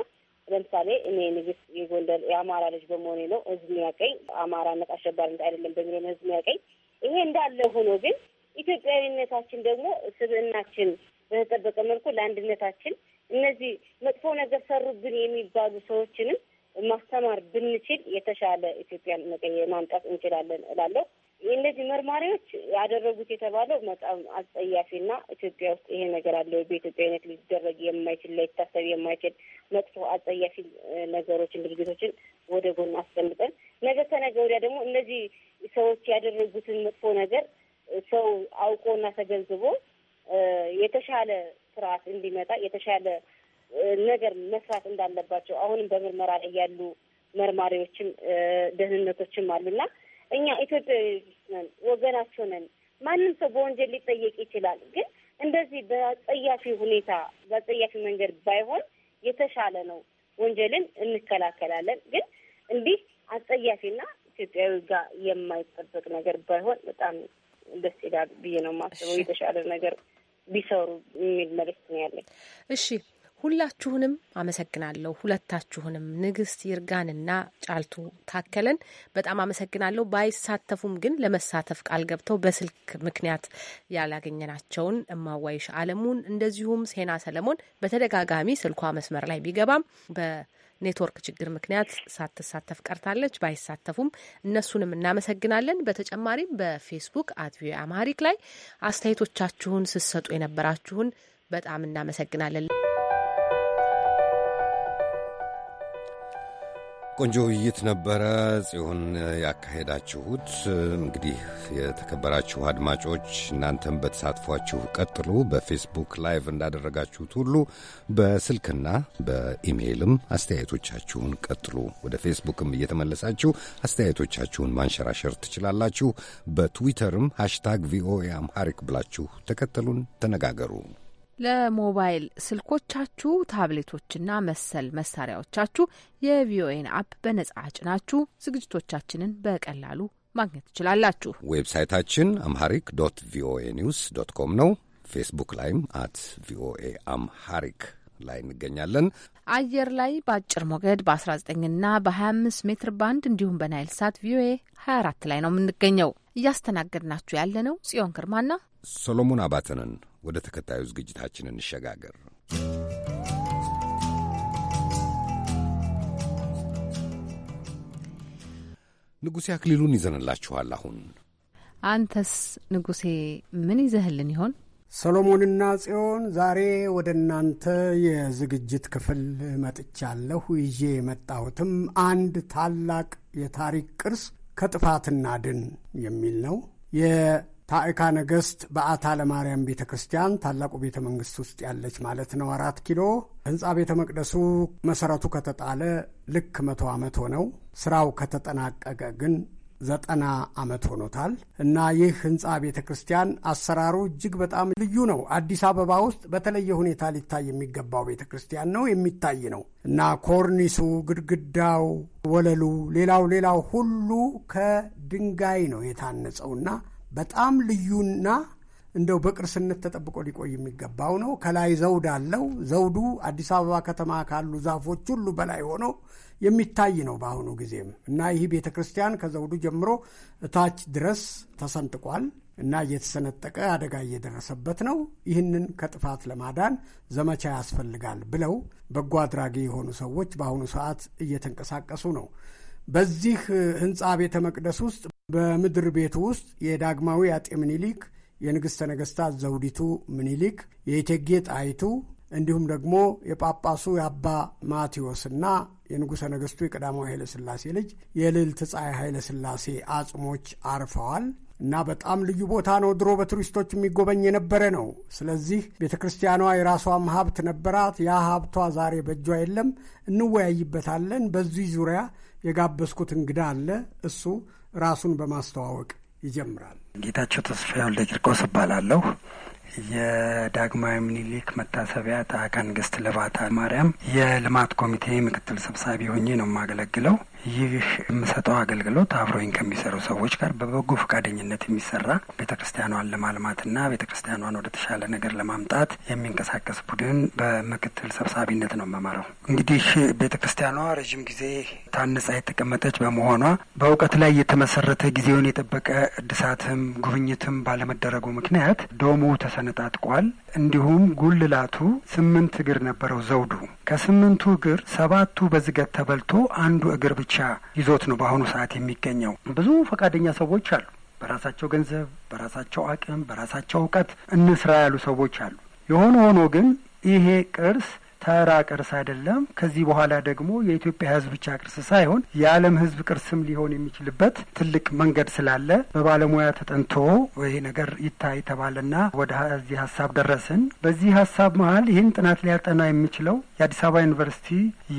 ለምሳሌ እኔ ንግስት የጎንደር የአማራ ልጅ በመሆኔ ነው ህዝብ ያቀኝ አማራነት አሸባሪነት አይደለም በሚለው ህዝብ ያቀኝ ይሄ እንዳለ ሆኖ ግን ኢትዮጵያዊነታችን ደግሞ ስብዕናችን በተጠበቀ መልኩ ለአንድነታችን እነዚህ መጥፎ ነገር ሰሩብን የሚባሉ ሰዎችንም ማስተማር ብንችል የተሻለ ኢትዮጵያን መቀየ ማምጣት እንችላለን እላለሁ። እነዚህ መርማሪዎች ያደረጉት የተባለው በጣም አስጸያፊና ኢትዮጵያ ውስጥ ይሄ ነገር አለ በኢትዮጵያዊነት ሊደረግ የማይችል ላይታሰብ የማይችል መጥፎ አስጸያፊ ነገሮችን፣ ድርጊቶችን ወደ ጎን አስቀምጠን ነገ ከነገ ወዲያ ደግሞ እነዚህ ሰዎች ያደረጉትን መጥፎ ነገር ሰው አውቆና ተገንዝቦ የተሻለ ስርዓት እንዲመጣ የተሻለ ነገር መስራት እንዳለባቸው አሁንም በምርመራ ላይ ያሉ መርማሪዎችም ደህንነቶችም አሉና እኛ ኢትዮጵያዎች ነን፣ ወገናቸው ነን። ማንም ሰው በወንጀል ሊጠየቅ ይችላል። ግን እንደዚህ በጸያፊ ሁኔታ በጸያፊ መንገድ ባይሆን የተሻለ ነው። ወንጀልን እንከላከላለን። ግን እንዲህ አጸያፊና ኢትዮጵያዊ ጋር የማይጠበቅ ነገር ባይሆን በጣም ደስ ይላል ብዬ ነው ማስበው። የተሻለ ነገር ቢሰሩ የሚል መልእክት ነው ያለኝ። እሺ ሁላችሁንም አመሰግናለሁ። ሁለታችሁንም ንግስት ይርጋንና ጫልቱ ታከለን በጣም አመሰግናለሁ። ባይሳተፉም ግን ለመሳተፍ ቃል ገብተው በስልክ ምክንያት ያላገኘናቸውን እማዋይሽ አለሙን እንደዚሁም ሴና ሰለሞን በተደጋጋሚ ስልኳ መስመር ላይ ቢገባም ኔትወርክ ችግር ምክንያት ሳትሳተፍ ቀርታለች። ባይሳተፉም እነሱንም እናመሰግናለን። በተጨማሪም በፌስቡክ አት ቪኦኤ አማሪክ ላይ አስተያየቶቻችሁን ስሰጡ የነበራችሁን በጣም እናመሰግናለን። ቆንጆ ውይይት ነበረ ጽዮን ያካሄዳችሁት። እንግዲህ የተከበራችሁ አድማጮች እናንተም በተሳትፏችሁ ቀጥሉ። በፌስቡክ ላይቭ እንዳደረጋችሁት ሁሉ በስልክና በኢሜይልም አስተያየቶቻችሁን ቀጥሉ። ወደ ፌስቡክም እየተመለሳችሁ አስተያየቶቻችሁን ማንሸራሸር ትችላላችሁ። በትዊተርም ሃሽታግ ቪኦኤ አምሃሪክ ብላችሁ ተከተሉን፣ ተነጋገሩ። ለሞባይል ስልኮቻችሁ ታብሌቶችና መሰል መሳሪያዎቻችሁ የቪኦኤን አፕ በነጻ ጭናችሁ ዝግጅቶቻችንን በቀላሉ ማግኘት ትችላላችሁ። ዌብሳይታችን አምሃሪክ ዶት ቪኦኤ ኒውስ ዶት ኮም ነው። ፌስቡክ ላይም አት ቪኦኤ አምሃሪክ ላይ እንገኛለን። አየር ላይ በአጭር ሞገድ በ19ና በ25 ሜትር ባንድ እንዲሁም በናይል ሳት ቪኦኤ 24 ላይ ነው የምንገኘው። እያስተናገድናችሁ ያለ ነው ጽዮን ግርማና ሶሎሞን አባተንን ወደ ተከታዩ ዝግጅታችን እንሸጋገር። ንጉሴ አክሊሉን ይዘንላችኋል። አሁን አንተስ ንጉሴ ምን ይዘህልን ይሆን? ሰሎሞንና ጽዮን ዛሬ ወደ እናንተ የዝግጅት ክፍል መጥቻለሁ። ይዤ የመጣሁትም አንድ ታላቅ የታሪክ ቅርስ ከጥፋትና ድን የሚል ነው። ታዕካ ነገሥት በአታ ለማርያም ቤተ ክርስቲያን ታላቁ ቤተ መንግሥት ውስጥ ያለች ማለት ነው። አራት ኪሎ ሕንፃ ቤተ መቅደሱ መሠረቱ ከተጣለ ልክ መቶ ዓመት ሆነው፣ ስራው ከተጠናቀቀ ግን ዘጠና ዓመት ሆኖታል እና ይህ ሕንፃ ቤተ ክርስቲያን አሰራሩ እጅግ በጣም ልዩ ነው። አዲስ አበባ ውስጥ በተለየ ሁኔታ ሊታይ የሚገባው ቤተ ክርስቲያን ነው፣ የሚታይ ነው እና ኮርኒሱ፣ ግድግዳው፣ ወለሉ፣ ሌላው ሌላው ሁሉ ከድንጋይ ነው የታነጸውና በጣም ልዩና እንደው በቅርስነት ተጠብቆ ሊቆይ የሚገባው ነው። ከላይ ዘውድ አለው። ዘውዱ አዲስ አበባ ከተማ ካሉ ዛፎች ሁሉ በላይ ሆኖ የሚታይ ነው በአሁኑ ጊዜም እና ይህ ቤተ ክርስቲያን ከዘውዱ ጀምሮ እታች ድረስ ተሰንጥቋል እና እየተሰነጠቀ አደጋ እየደረሰበት ነው። ይህንን ከጥፋት ለማዳን ዘመቻ ያስፈልጋል ብለው በጎ አድራጊ የሆኑ ሰዎች በአሁኑ ሰዓት እየተንቀሳቀሱ ነው። በዚህ ህንፃ ቤተ መቅደስ ውስጥ በምድር ቤቱ ውስጥ የዳግማዊ አጤ ምኒሊክ፣ የንግሥተ ነገሥታት ዘውዲቱ ምኒሊክ፣ የእቴጌ ጣይቱ እንዲሁም ደግሞ የጳጳሱ የአባ ማቴዎስና የንጉሠ ነገሥቱ የቀዳማዊ ኃይለሥላሴ ልጅ የልዕልት ፀሐይ ኃይለሥላሴ አጽሞች አርፈዋል እና በጣም ልዩ ቦታ ነው። ድሮ በቱሪስቶች የሚጎበኝ የነበረ ነው። ስለዚህ ቤተ ክርስቲያኗ የራሷም ሀብት ነበራት። ያ ሀብቷ ዛሬ በእጇ የለም። እንወያይበታለን። በዚህ ዙሪያ የጋበዝኩት እንግዳ አለ። እሱ ራሱን በማስተዋወቅ ይጀምራል። ጌታቸው ተስፋዬ ወልደ ቂርቆስ እባላለሁ። የዳግማዊ ምኒልክ መታሰቢያ ጣዕቀ ንግሥት ማርያም የልማት ኮሚቴ ምክትል ሰብሳቢ ሆኜ ነው የማገለግለው። ይህ የምሰጠው አገልግሎት አብረውኝ ከሚሰሩ ሰዎች ጋር በበጎ ፈቃደኝነት የሚሰራ ቤተ ክርስቲያኗን ለማልማትና ቤተ ክርስቲያኗን ወደ ተሻለ ነገር ለማምጣት የሚንቀሳቀስ ቡድን በምክትል ሰብሳቢነት ነው መመራው። እንግዲህ ቤተ ክርስቲያኗ ረዥም ጊዜ ታንጻ የተቀመጠች በመሆኗ በእውቀት ላይ የተመሰረተ ጊዜውን የጠበቀ እድሳትም ጉብኝትም ባለመደረጉ ምክንያት ዶሙ ተሰነጣጥቋል። እንዲሁም ጉልላቱ ስምንት እግር ነበረው ዘውዱ። ከስምንቱ እግር ሰባቱ በዝገት ተበልቶ አንዱ እግር ብቻ ብቻ ይዞት ነው በአሁኑ ሰዓት የሚገኘው። ብዙ ፈቃደኛ ሰዎች አሉ። በራሳቸው ገንዘብ፣ በራሳቸው አቅም፣ በራሳቸው እውቀት እንስራ ያሉ ሰዎች አሉ። የሆነ ሆኖ ግን ይሄ ቅርስ ተራ ቅርስ አይደለም። ከዚህ በኋላ ደግሞ የኢትዮጵያ ሕዝብ ብቻ ቅርስ ሳይሆን የዓለም ሕዝብ ቅርስም ሊሆን የሚችልበት ትልቅ መንገድ ስላለ በባለሙያ ተጠንቶ ይሄ ነገር ይታይ ተባለና ወደዚህ ሀሳብ ደረስን። በዚህ ሀሳብ መሀል ይህን ጥናት ሊያጠና የሚችለው የአዲስ አበባ ዩኒቨርሲቲ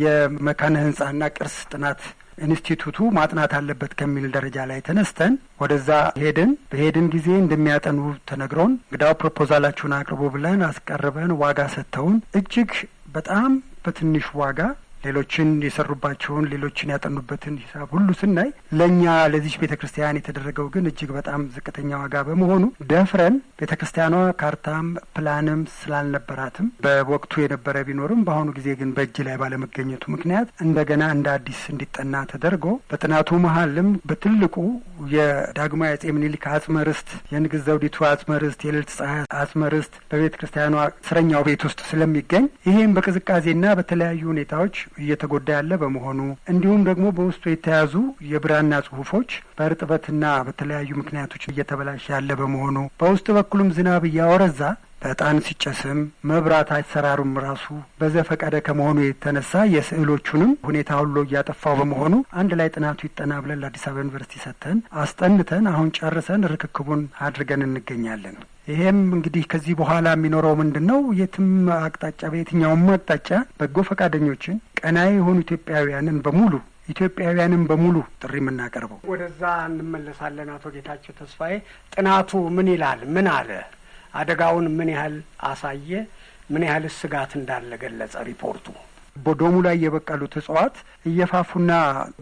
የመካነ ህንፃና ቅርስ ጥናት ኢንስቲቱቱ ማጥናት አለበት ከሚል ደረጃ ላይ ተነስተን ወደዛ ሄድን። በሄድን ጊዜ እንደሚያጠኑ ተነግሮን እንግዳው ፕሮፖዛላችሁን አቅርቡ ብለን አስቀርበን ዋጋ ሰጥተውን እጅግ በጣም በትንሽ ዋጋ ሌሎችን የሰሩባቸውን ሌሎችን ያጠኑበትን ሂሳብ ሁሉ ስናይ ለእኛ ለዚች ቤተ ክርስቲያን የተደረገው ግን እጅግ በጣም ዝቅተኛ ዋጋ በመሆኑ ደፍረን ቤተ ክርስቲያኗ ካርታም ፕላንም ስላልነበራትም በወቅቱ የነበረ ቢኖርም በአሁኑ ጊዜ ግን በእጅ ላይ ባለመገኘቱ ምክንያት እንደገና እንደ አዲስ እንዲጠና ተደርጎ በጥናቱ መሀልም በትልቁ የዳግማዊ አጼ ምኒልክ አጽመ ርስት፣ ዘውዲቱ አጽመ ርስት፣ የልዕልት ፀሐይ አጽመ ርስት በቤተ ክርስቲያኗ እስረኛው ቤት ውስጥ ስለሚገኝ ይህም በቅዝቃዜና በተለያዩ ሁኔታዎች እየተጎዳ ያለ በመሆኑ እንዲሁም ደግሞ በውስጡ የተያዙ የብራና ጽሁፎች በእርጥበትና በተለያዩ ምክንያቶች እየተበላሸ ያለ በመሆኑ በውስጥ በኩልም ዝናብ እያወረዛ በጣን ሲጨስም መብራት አሰራሩም ራሱ በዘፈቀደ ከመሆኑ የተነሳ የስዕሎቹንም ሁኔታ ሁሉ እያጠፋው በመሆኑ አንድ ላይ ጥናቱ ይጠና ብለን ለአዲስ አበባ ዩኒቨርሲቲ ሰጥተን አስጠንተን አሁን ጨርሰን ርክክቡን አድርገን እንገኛለን። ይሄም እንግዲህ ከዚህ በኋላ የሚኖረው ምንድን ነው? የትም አቅጣጫ በየትኛውም አቅጣጫ በጎ ፈቃደኞችን ቀና የሆኑ ኢትዮጵያውያንን በሙሉ ኢትዮጵያውያንን በሙሉ ጥሪ የምናቀርበው ወደዛ እንመለሳለን። አቶ ጌታቸው ተስፋዬ ጥናቱ ምን ይላል? ምን አለ? አደጋውን ምን ያህል አሳየ? ምን ያህል ስጋት እንዳለ ገለጸ ሪፖርቱ? በዶሙ ላይ የበቀሉት እጽዋት እየፋፉና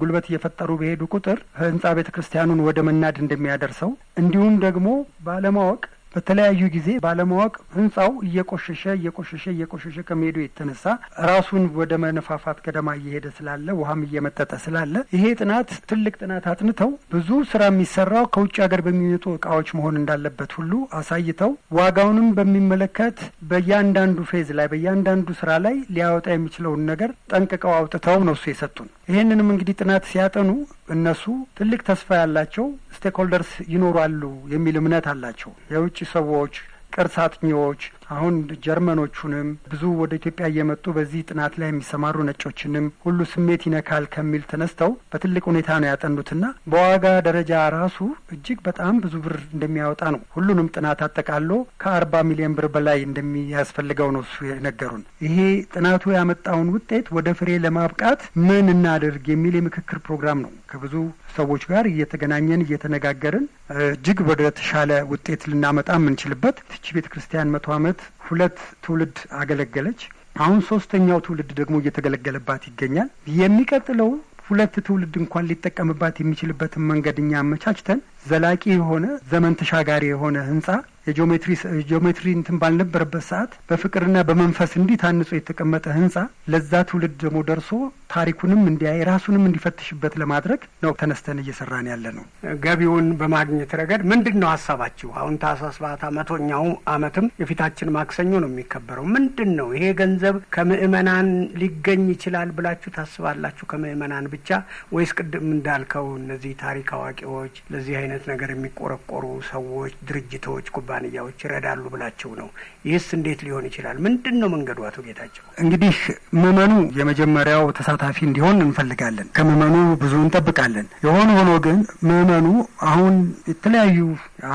ጉልበት እየፈጠሩ በሄዱ ቁጥር ህንጻ ቤተ ክርስቲያኑን ወደ መናድ እንደሚያደርሰው እንዲሁም ደግሞ ባለማወቅ በተለያዩ ጊዜ ባለማወቅ ህንፃው እየቆሸሸ እየቆሸሸ እየቆሸሸ ከመሄዱ የተነሳ ራሱን ወደ መነፋፋት ገደማ እየሄደ ስላለ ውሃም እየመጠጠ ስላለ ይሄ ጥናት ትልቅ ጥናት አጥንተው ብዙ ስራ የሚሰራው ከውጭ ሀገር በሚመጡ እቃዎች መሆን እንዳለበት ሁሉ አሳይተው ዋጋውንም በሚመለከት በእያንዳንዱ ፌዝ ላይ በእያንዳንዱ ስራ ላይ ሊያወጣ የሚችለውን ነገር ጠንቅቀው አውጥተው ነው እሱ የሰጡን። ይህንንም እንግዲህ ጥናት ሲያጠኑ እነሱ ትልቅ ተስፋ ያላቸው ስቴክሆልደርስ ይኖራሉ የሚል እምነት አላቸው። የውጭ ሰዎች፣ ቅርስ አጥኚዎች፣ አሁን ጀርመኖቹንም ብዙ ወደ ኢትዮጵያ እየመጡ በዚህ ጥናት ላይ የሚሰማሩ ነጮችንም ሁሉ ስሜት ይነካል ከሚል ተነስተው በትልቅ ሁኔታ ነው ያጠኑትና በዋጋ ደረጃ ራሱ እጅግ በጣም ብዙ ብር እንደሚያወጣ ነው። ሁሉንም ጥናት አጠቃሎ ከአርባ ሚሊዮን ብር በላይ እንደሚያስፈልገው ነው እሱ የነገሩን። ይሄ ጥናቱ ያመጣውን ውጤት ወደ ፍሬ ለማብቃት ምን እናድርግ የሚል የምክክር ፕሮግራም ነው። ከብዙ ሰዎች ጋር እየተገናኘን እየተነጋገርን እጅግ ወደ ተሻለ ውጤት ልናመጣ የምንችልበት ትቺ ቤተ ክርስቲያን መቶ ዓመት ሁለት ትውልድ አገለገለች። አሁን ሶስተኛው ትውልድ ደግሞ እየተገለገለባት ይገኛል። የሚቀጥለው ሁለት ትውልድ እንኳን ሊጠቀምባት የሚችልበትን መንገድ እኛ አመቻችተን ዘላቂ የሆነ ዘመን ተሻጋሪ የሆነ ህንጻ የጂኦሜትሪ ጂኦሜትሪ እንትን ባልነበረበት ሰዓት በፍቅርና በመንፈስ እንዲህ ታንጾ የተቀመጠ ህንጻ ለዛ ትውልድ ደግሞ ደርሶ ታሪኩንም እንዲያይ ራሱንም እንዲፈትሽበት ለማድረግ ነው ተነስተን እየሰራን ያለ ነው። ገቢውን በማግኘት ረገድ ምንድን ነው ሀሳባችሁ? አሁን ታህሳስ በዓታ መቶኛው አመትም የፊታችን ማክሰኞ ነው የሚከበረው። ምንድን ነው ይሄ ገንዘብ ከምእመናን ሊገኝ ይችላል ብላችሁ ታስባላችሁ? ከምእመናን ብቻ ወይስ ቅድም እንዳልከው እነዚህ ታሪክ አዋቂዎች፣ ለዚህ አይነት ነገር የሚቆረቆሩ ሰዎች፣ ድርጅቶች፣ ኩባ ኩባንያዎች ይረዳሉ ብላችሁ ነው? ይህስ እንዴት ሊሆን ይችላል? ምንድን ነው መንገዱ? አቶ ጌታቸው፣ እንግዲህ ምዕመኑ የመጀመሪያው ተሳታፊ እንዲሆን እንፈልጋለን። ከምዕመኑ ብዙ እንጠብቃለን። የሆነ ሆኖ ግን ምዕመኑ አሁን የተለያዩ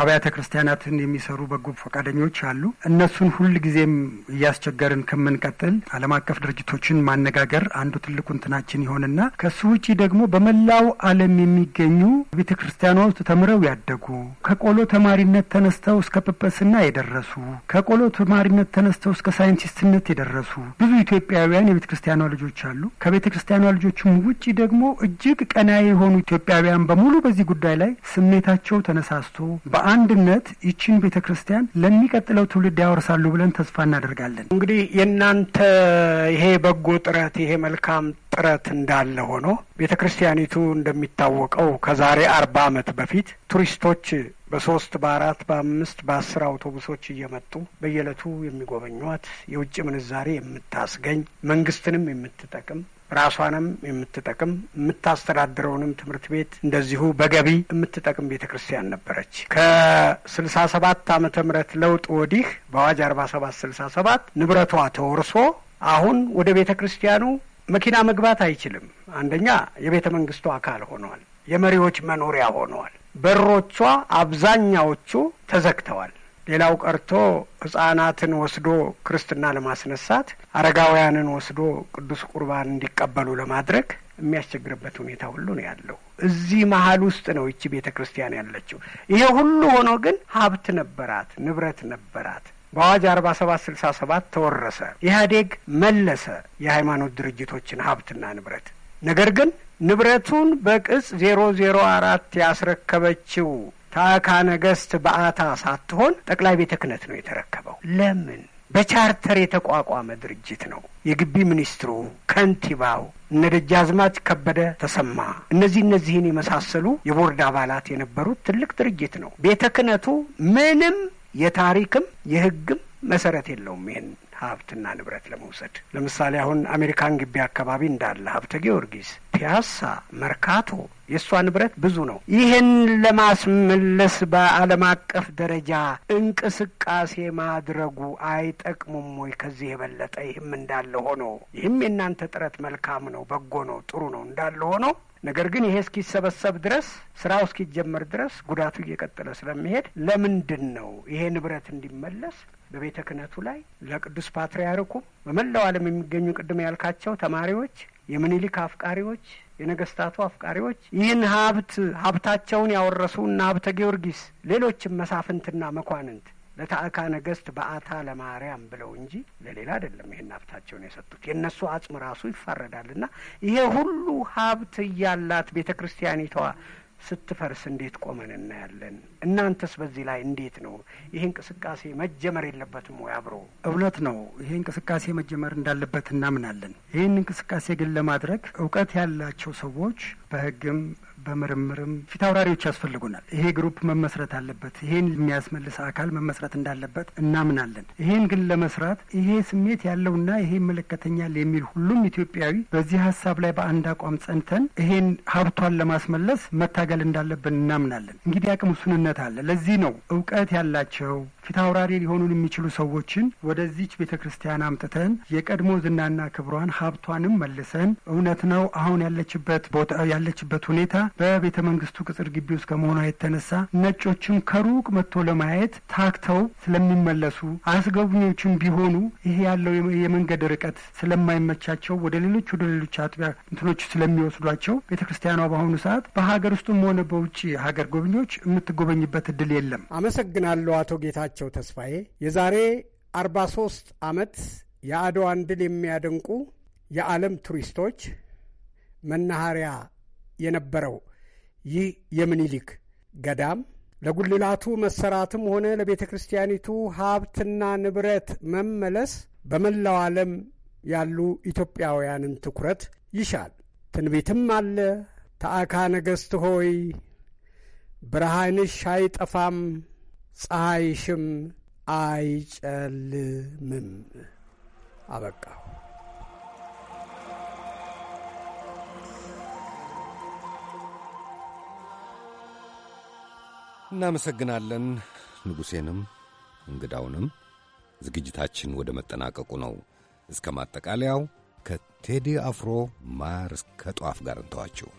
አብያተ ክርስቲያናትን የሚሰሩ በጎ ፈቃደኞች አሉ። እነሱን ሁል ጊዜም እያስቸገርን ከምንቀጥል ዓለም አቀፍ ድርጅቶችን ማነጋገር አንዱ ትልቁ እንትናችን ይሆንና ከሱ ውጪ ደግሞ በመላው ዓለም የሚገኙ ቤተ ክርስቲያኗ ውስጥ ተምረው ያደጉ ከቆሎ ተማሪነት ተነስተው እስከ ጵጵስና የደረሱ ከቆሎ ተማሪነት ተነስተው እስከ ሳይንቲስትነት የደረሱ ብዙ ኢትዮጵያውያን የቤተ ክርስቲያኗ ልጆች አሉ። ከቤተ ክርስቲያኗ ልጆችም ውጭ ደግሞ እጅግ ቀና የሆኑ ኢትዮጵያውያን በሙሉ በዚህ ጉዳይ ላይ ስሜታቸው ተነሳስቶ በአንድነት ይችን ቤተ ክርስቲያን ለሚቀጥለው ትውልድ ያወርሳሉ ብለን ተስፋ እናደርጋለን። እንግዲህ የእናንተ ይሄ በጎ ጥረት ይሄ መልካም ጥረት እንዳለ ሆኖ ቤተ ክርስቲያኒቱ እንደሚታወቀው ከዛሬ አርባ ዓመት በፊት ቱሪስቶች በሶስት በአራት በአምስት በአስር አውቶቡሶች እየመጡ በየዕለቱ የሚጎበኟት የውጭ ምንዛሬ የምታስገኝ መንግስትንም የምትጠቅም ራሷንም የምትጠቅም የምታስተዳድረውንም ትምህርት ቤት እንደዚሁ በገቢ የምትጠቅም ቤተ ክርስቲያን ነበረች። ከስልሳ ሰባት አመተ ምህረት ለውጥ ወዲህ በአዋጅ አርባ ሰባት ስልሳ ሰባት ንብረቷ ተወርሶ አሁን ወደ ቤተ ክርስቲያኑ መኪና መግባት አይችልም። አንደኛ የቤተ መንግስቱ አካል ሆኗል። የመሪዎች መኖሪያ ሆኗል። በሮቿ አብዛኛዎቹ ተዘግተዋል። ሌላው ቀርቶ ሕጻናትን ወስዶ ክርስትና ለማስነሳት አረጋውያንን ወስዶ ቅዱስ ቁርባን እንዲቀበሉ ለማድረግ የሚያስቸግርበት ሁኔታ ሁሉ ነው ያለው። እዚህ መሀል ውስጥ ነው ይቺ ቤተ ክርስቲያን ያለችው። ይሄ ሁሉ ሆኖ ግን ሀብት ነበራት፣ ንብረት ነበራት። በአዋጅ አርባ ሰባት ስልሳ ሰባት ተወረሰ። ኢህአዴግ መለሰ የሃይማኖት ድርጅቶችን ሀብትና ንብረት ነገር ግን ንብረቱን በቅጽ ዜሮ ዜሮ አራት ያስረከበችው ታዕካ ነገሥት በአታ ሳትሆን ጠቅላይ ቤተ ክህነት ነው የተረከበው። ለምን? በቻርተር የተቋቋመ ድርጅት ነው። የግቢ ሚኒስትሩ፣ ከንቲባው እነ ደጃዝማች ከበደ ተሰማ፣ እነዚህ እነዚህን የመሳሰሉ የቦርድ አባላት የነበሩት ትልቅ ድርጅት ነው። ቤተ ክህነቱ ምንም የታሪክም የሕግም መሰረት የለውም። ይህን ሀብትና ንብረት ለመውሰድ። ለምሳሌ አሁን አሜሪካን ግቢ አካባቢ እንዳለ ሀብተ ጊዮርጊስ፣ ፒያሳ፣ መርካቶ የእሷ ንብረት ብዙ ነው። ይህን ለማስመለስ በዓለም አቀፍ ደረጃ እንቅስቃሴ ማድረጉ አይጠቅሙም ወይ? ከዚህ የበለጠ ይህም እንዳለ ሆኖ ይህም የእናንተ ጥረት መልካም ነው፣ በጎ ነው፣ ጥሩ ነው እንዳለ ሆኖ ነገር ግን ይሄ እስኪሰበሰብ ድረስ ስራው እስኪጀመር ድረስ ጉዳቱ እየቀጠለ ስለሚሄድ ለምንድን ነው ይሄ ንብረት እንዲመለስ በቤተ ክህነቱ ላይ ለቅዱስ ፓትርያርኩ በመላው ዓለም የሚገኙ ቅድም ያልካቸው ተማሪዎች፣ የምኒልክ አፍቃሪዎች፣ የነገስታቱ አፍቃሪዎች ይህን ሀብት ሀብታቸውን ያወረሱ እና ሀብተ ጊዮርጊስ ሌሎችም መሳፍንትና መኳንንት ለታዕካ ነገስት በአታ ለማርያም ብለው እንጂ ለሌላ አይደለም። ይሄን ሀብታቸውን የሰጡት የእነሱ አጽም ራሱ ይፋረዳልና ይሄ ሁሉ ሀብት እያላት ቤተ ክርስቲያኒቷ ስትፈርስ እንዴት ቆመን እናያለን? እናንተስ በዚህ ላይ እንዴት ነው? ይህ እንቅስቃሴ መጀመር የለበትም ወይ? አብሮ እውነት ነው። ይህ እንቅስቃሴ መጀመር እንዳለበት እናምናለን። ይህን እንቅስቃሴ ግን ለማድረግ እውቀት ያላቸው ሰዎች በህግም በምርምርም ፊት አውራሪዎች ያስፈልጉናል። ይሄ ግሩፕ መመስረት አለበት፣ ይሄን የሚያስመልስ አካል መመስረት እንዳለበት እናምናለን። ይሄን ግን ለመስራት ይሄ ስሜት ያለውና ይሄ ይመለከተኛል የሚል ሁሉም ኢትዮጵያዊ በዚህ ሀሳብ ላይ በአንድ አቋም ጸንተን ይሄን ሀብቷን ለማስመለስ መታገል እንዳለብን እናምናለን። እንግዲህ አቅም ውስንነት አለ። ለዚህ ነው እውቀት ያላቸው ፊታውራሪ ሊሆኑን የሚችሉ ሰዎችን ወደዚች ቤተ ክርስቲያን አምጥተን የቀድሞ ዝናና ክብሯን ሀብቷንም መልሰን እውነት ነው አሁን ያለችበት ቦታ ያለችበት ሁኔታ በቤተ መንግስቱ ቅጽር ግቢ ውስጥ ከመሆኗ የተነሳ ነጮችም ከሩቅ መጥቶ ለማየት ታክተው ስለሚመለሱ አስገቡኞችን ቢሆኑ ይሄ ያለው የመንገድ ርቀት ስለማይመቻቸው ወደ ሌሎች ወደ ሌሎች አጥቢያ እንትኖች ስለሚወስዷቸው ቤተ ክርስቲያኗ በአሁኑ ሰዓት በሀገር ውስጥም ሆነ በውጭ ሀገር ጎብኚዎች የምትጎበኝበት እድል የለም። አመሰግናለሁ አቶ ጌታቸው ጌታቸው ተስፋዬ የዛሬ 43 ዓመት የአድዋን ድል የሚያደንቁ የዓለም ቱሪስቶች መናኸሪያ የነበረው ይህ የምኒልክ ገዳም ለጉልላቱ መሰራትም ሆነ ለቤተ ክርስቲያኒቱ ሀብትና ንብረት መመለስ በመላው ዓለም ያሉ ኢትዮጵያውያንን ትኩረት ይሻል። ትንቢትም አለ። ተአካ ነገሥት ሆይ ብርሃንሽ አይጠፋም ፀሐይሽም አይጨልምም። አበቃሁ። እናመሰግናለን ንጉሴንም እንግዳውንም። ዝግጅታችን ወደ መጠናቀቁ ነው። እስከ ማጠቃለያው ከቴዲ አፍሮ ማር እስከ ጧፍ ጋር እንተዋችሁ።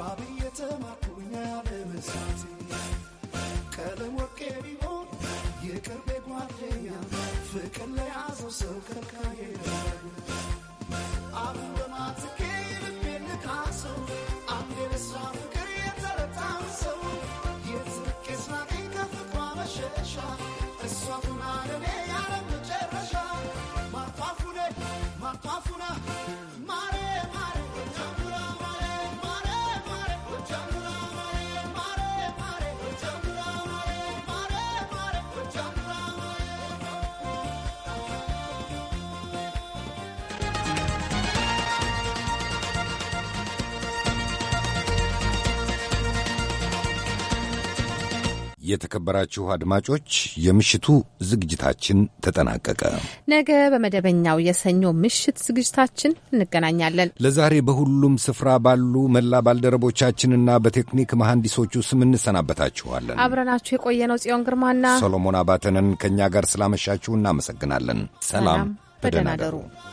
ዋብዬ ተማርኩኛ ለመሳት ቀለም ወርቄ ቢሆን የቅርቤ ጓደኛ ፍቅር ለያዘው ሰው ከልካዬ አሁን በማትኬ ልቤ ንቃሰው አንዴ ለሷ ፍቅር የተረታን ሰው የትርቄ ስናገኝ ከፍቅሯ መሸሻ እሷ ሁና ለኔ ያለ መጨረሻ ማርቷ ፉኔ የተከበራችሁ አድማጮች የምሽቱ ዝግጅታችን ተጠናቀቀ። ነገ በመደበኛው የሰኞ ምሽት ዝግጅታችን እንገናኛለን። ለዛሬ በሁሉም ስፍራ ባሉ መላ ባልደረቦቻችንና በቴክኒክ መሐንዲሶቹ ስም እንሰናበታችኋለን። አብረናችሁ የቆየነው ጽዮን ግርማና ሶሎሞን አባተንን ከእኛ ጋር ስላመሻችሁ እናመሰግናለን። ሰላም፣ በደህና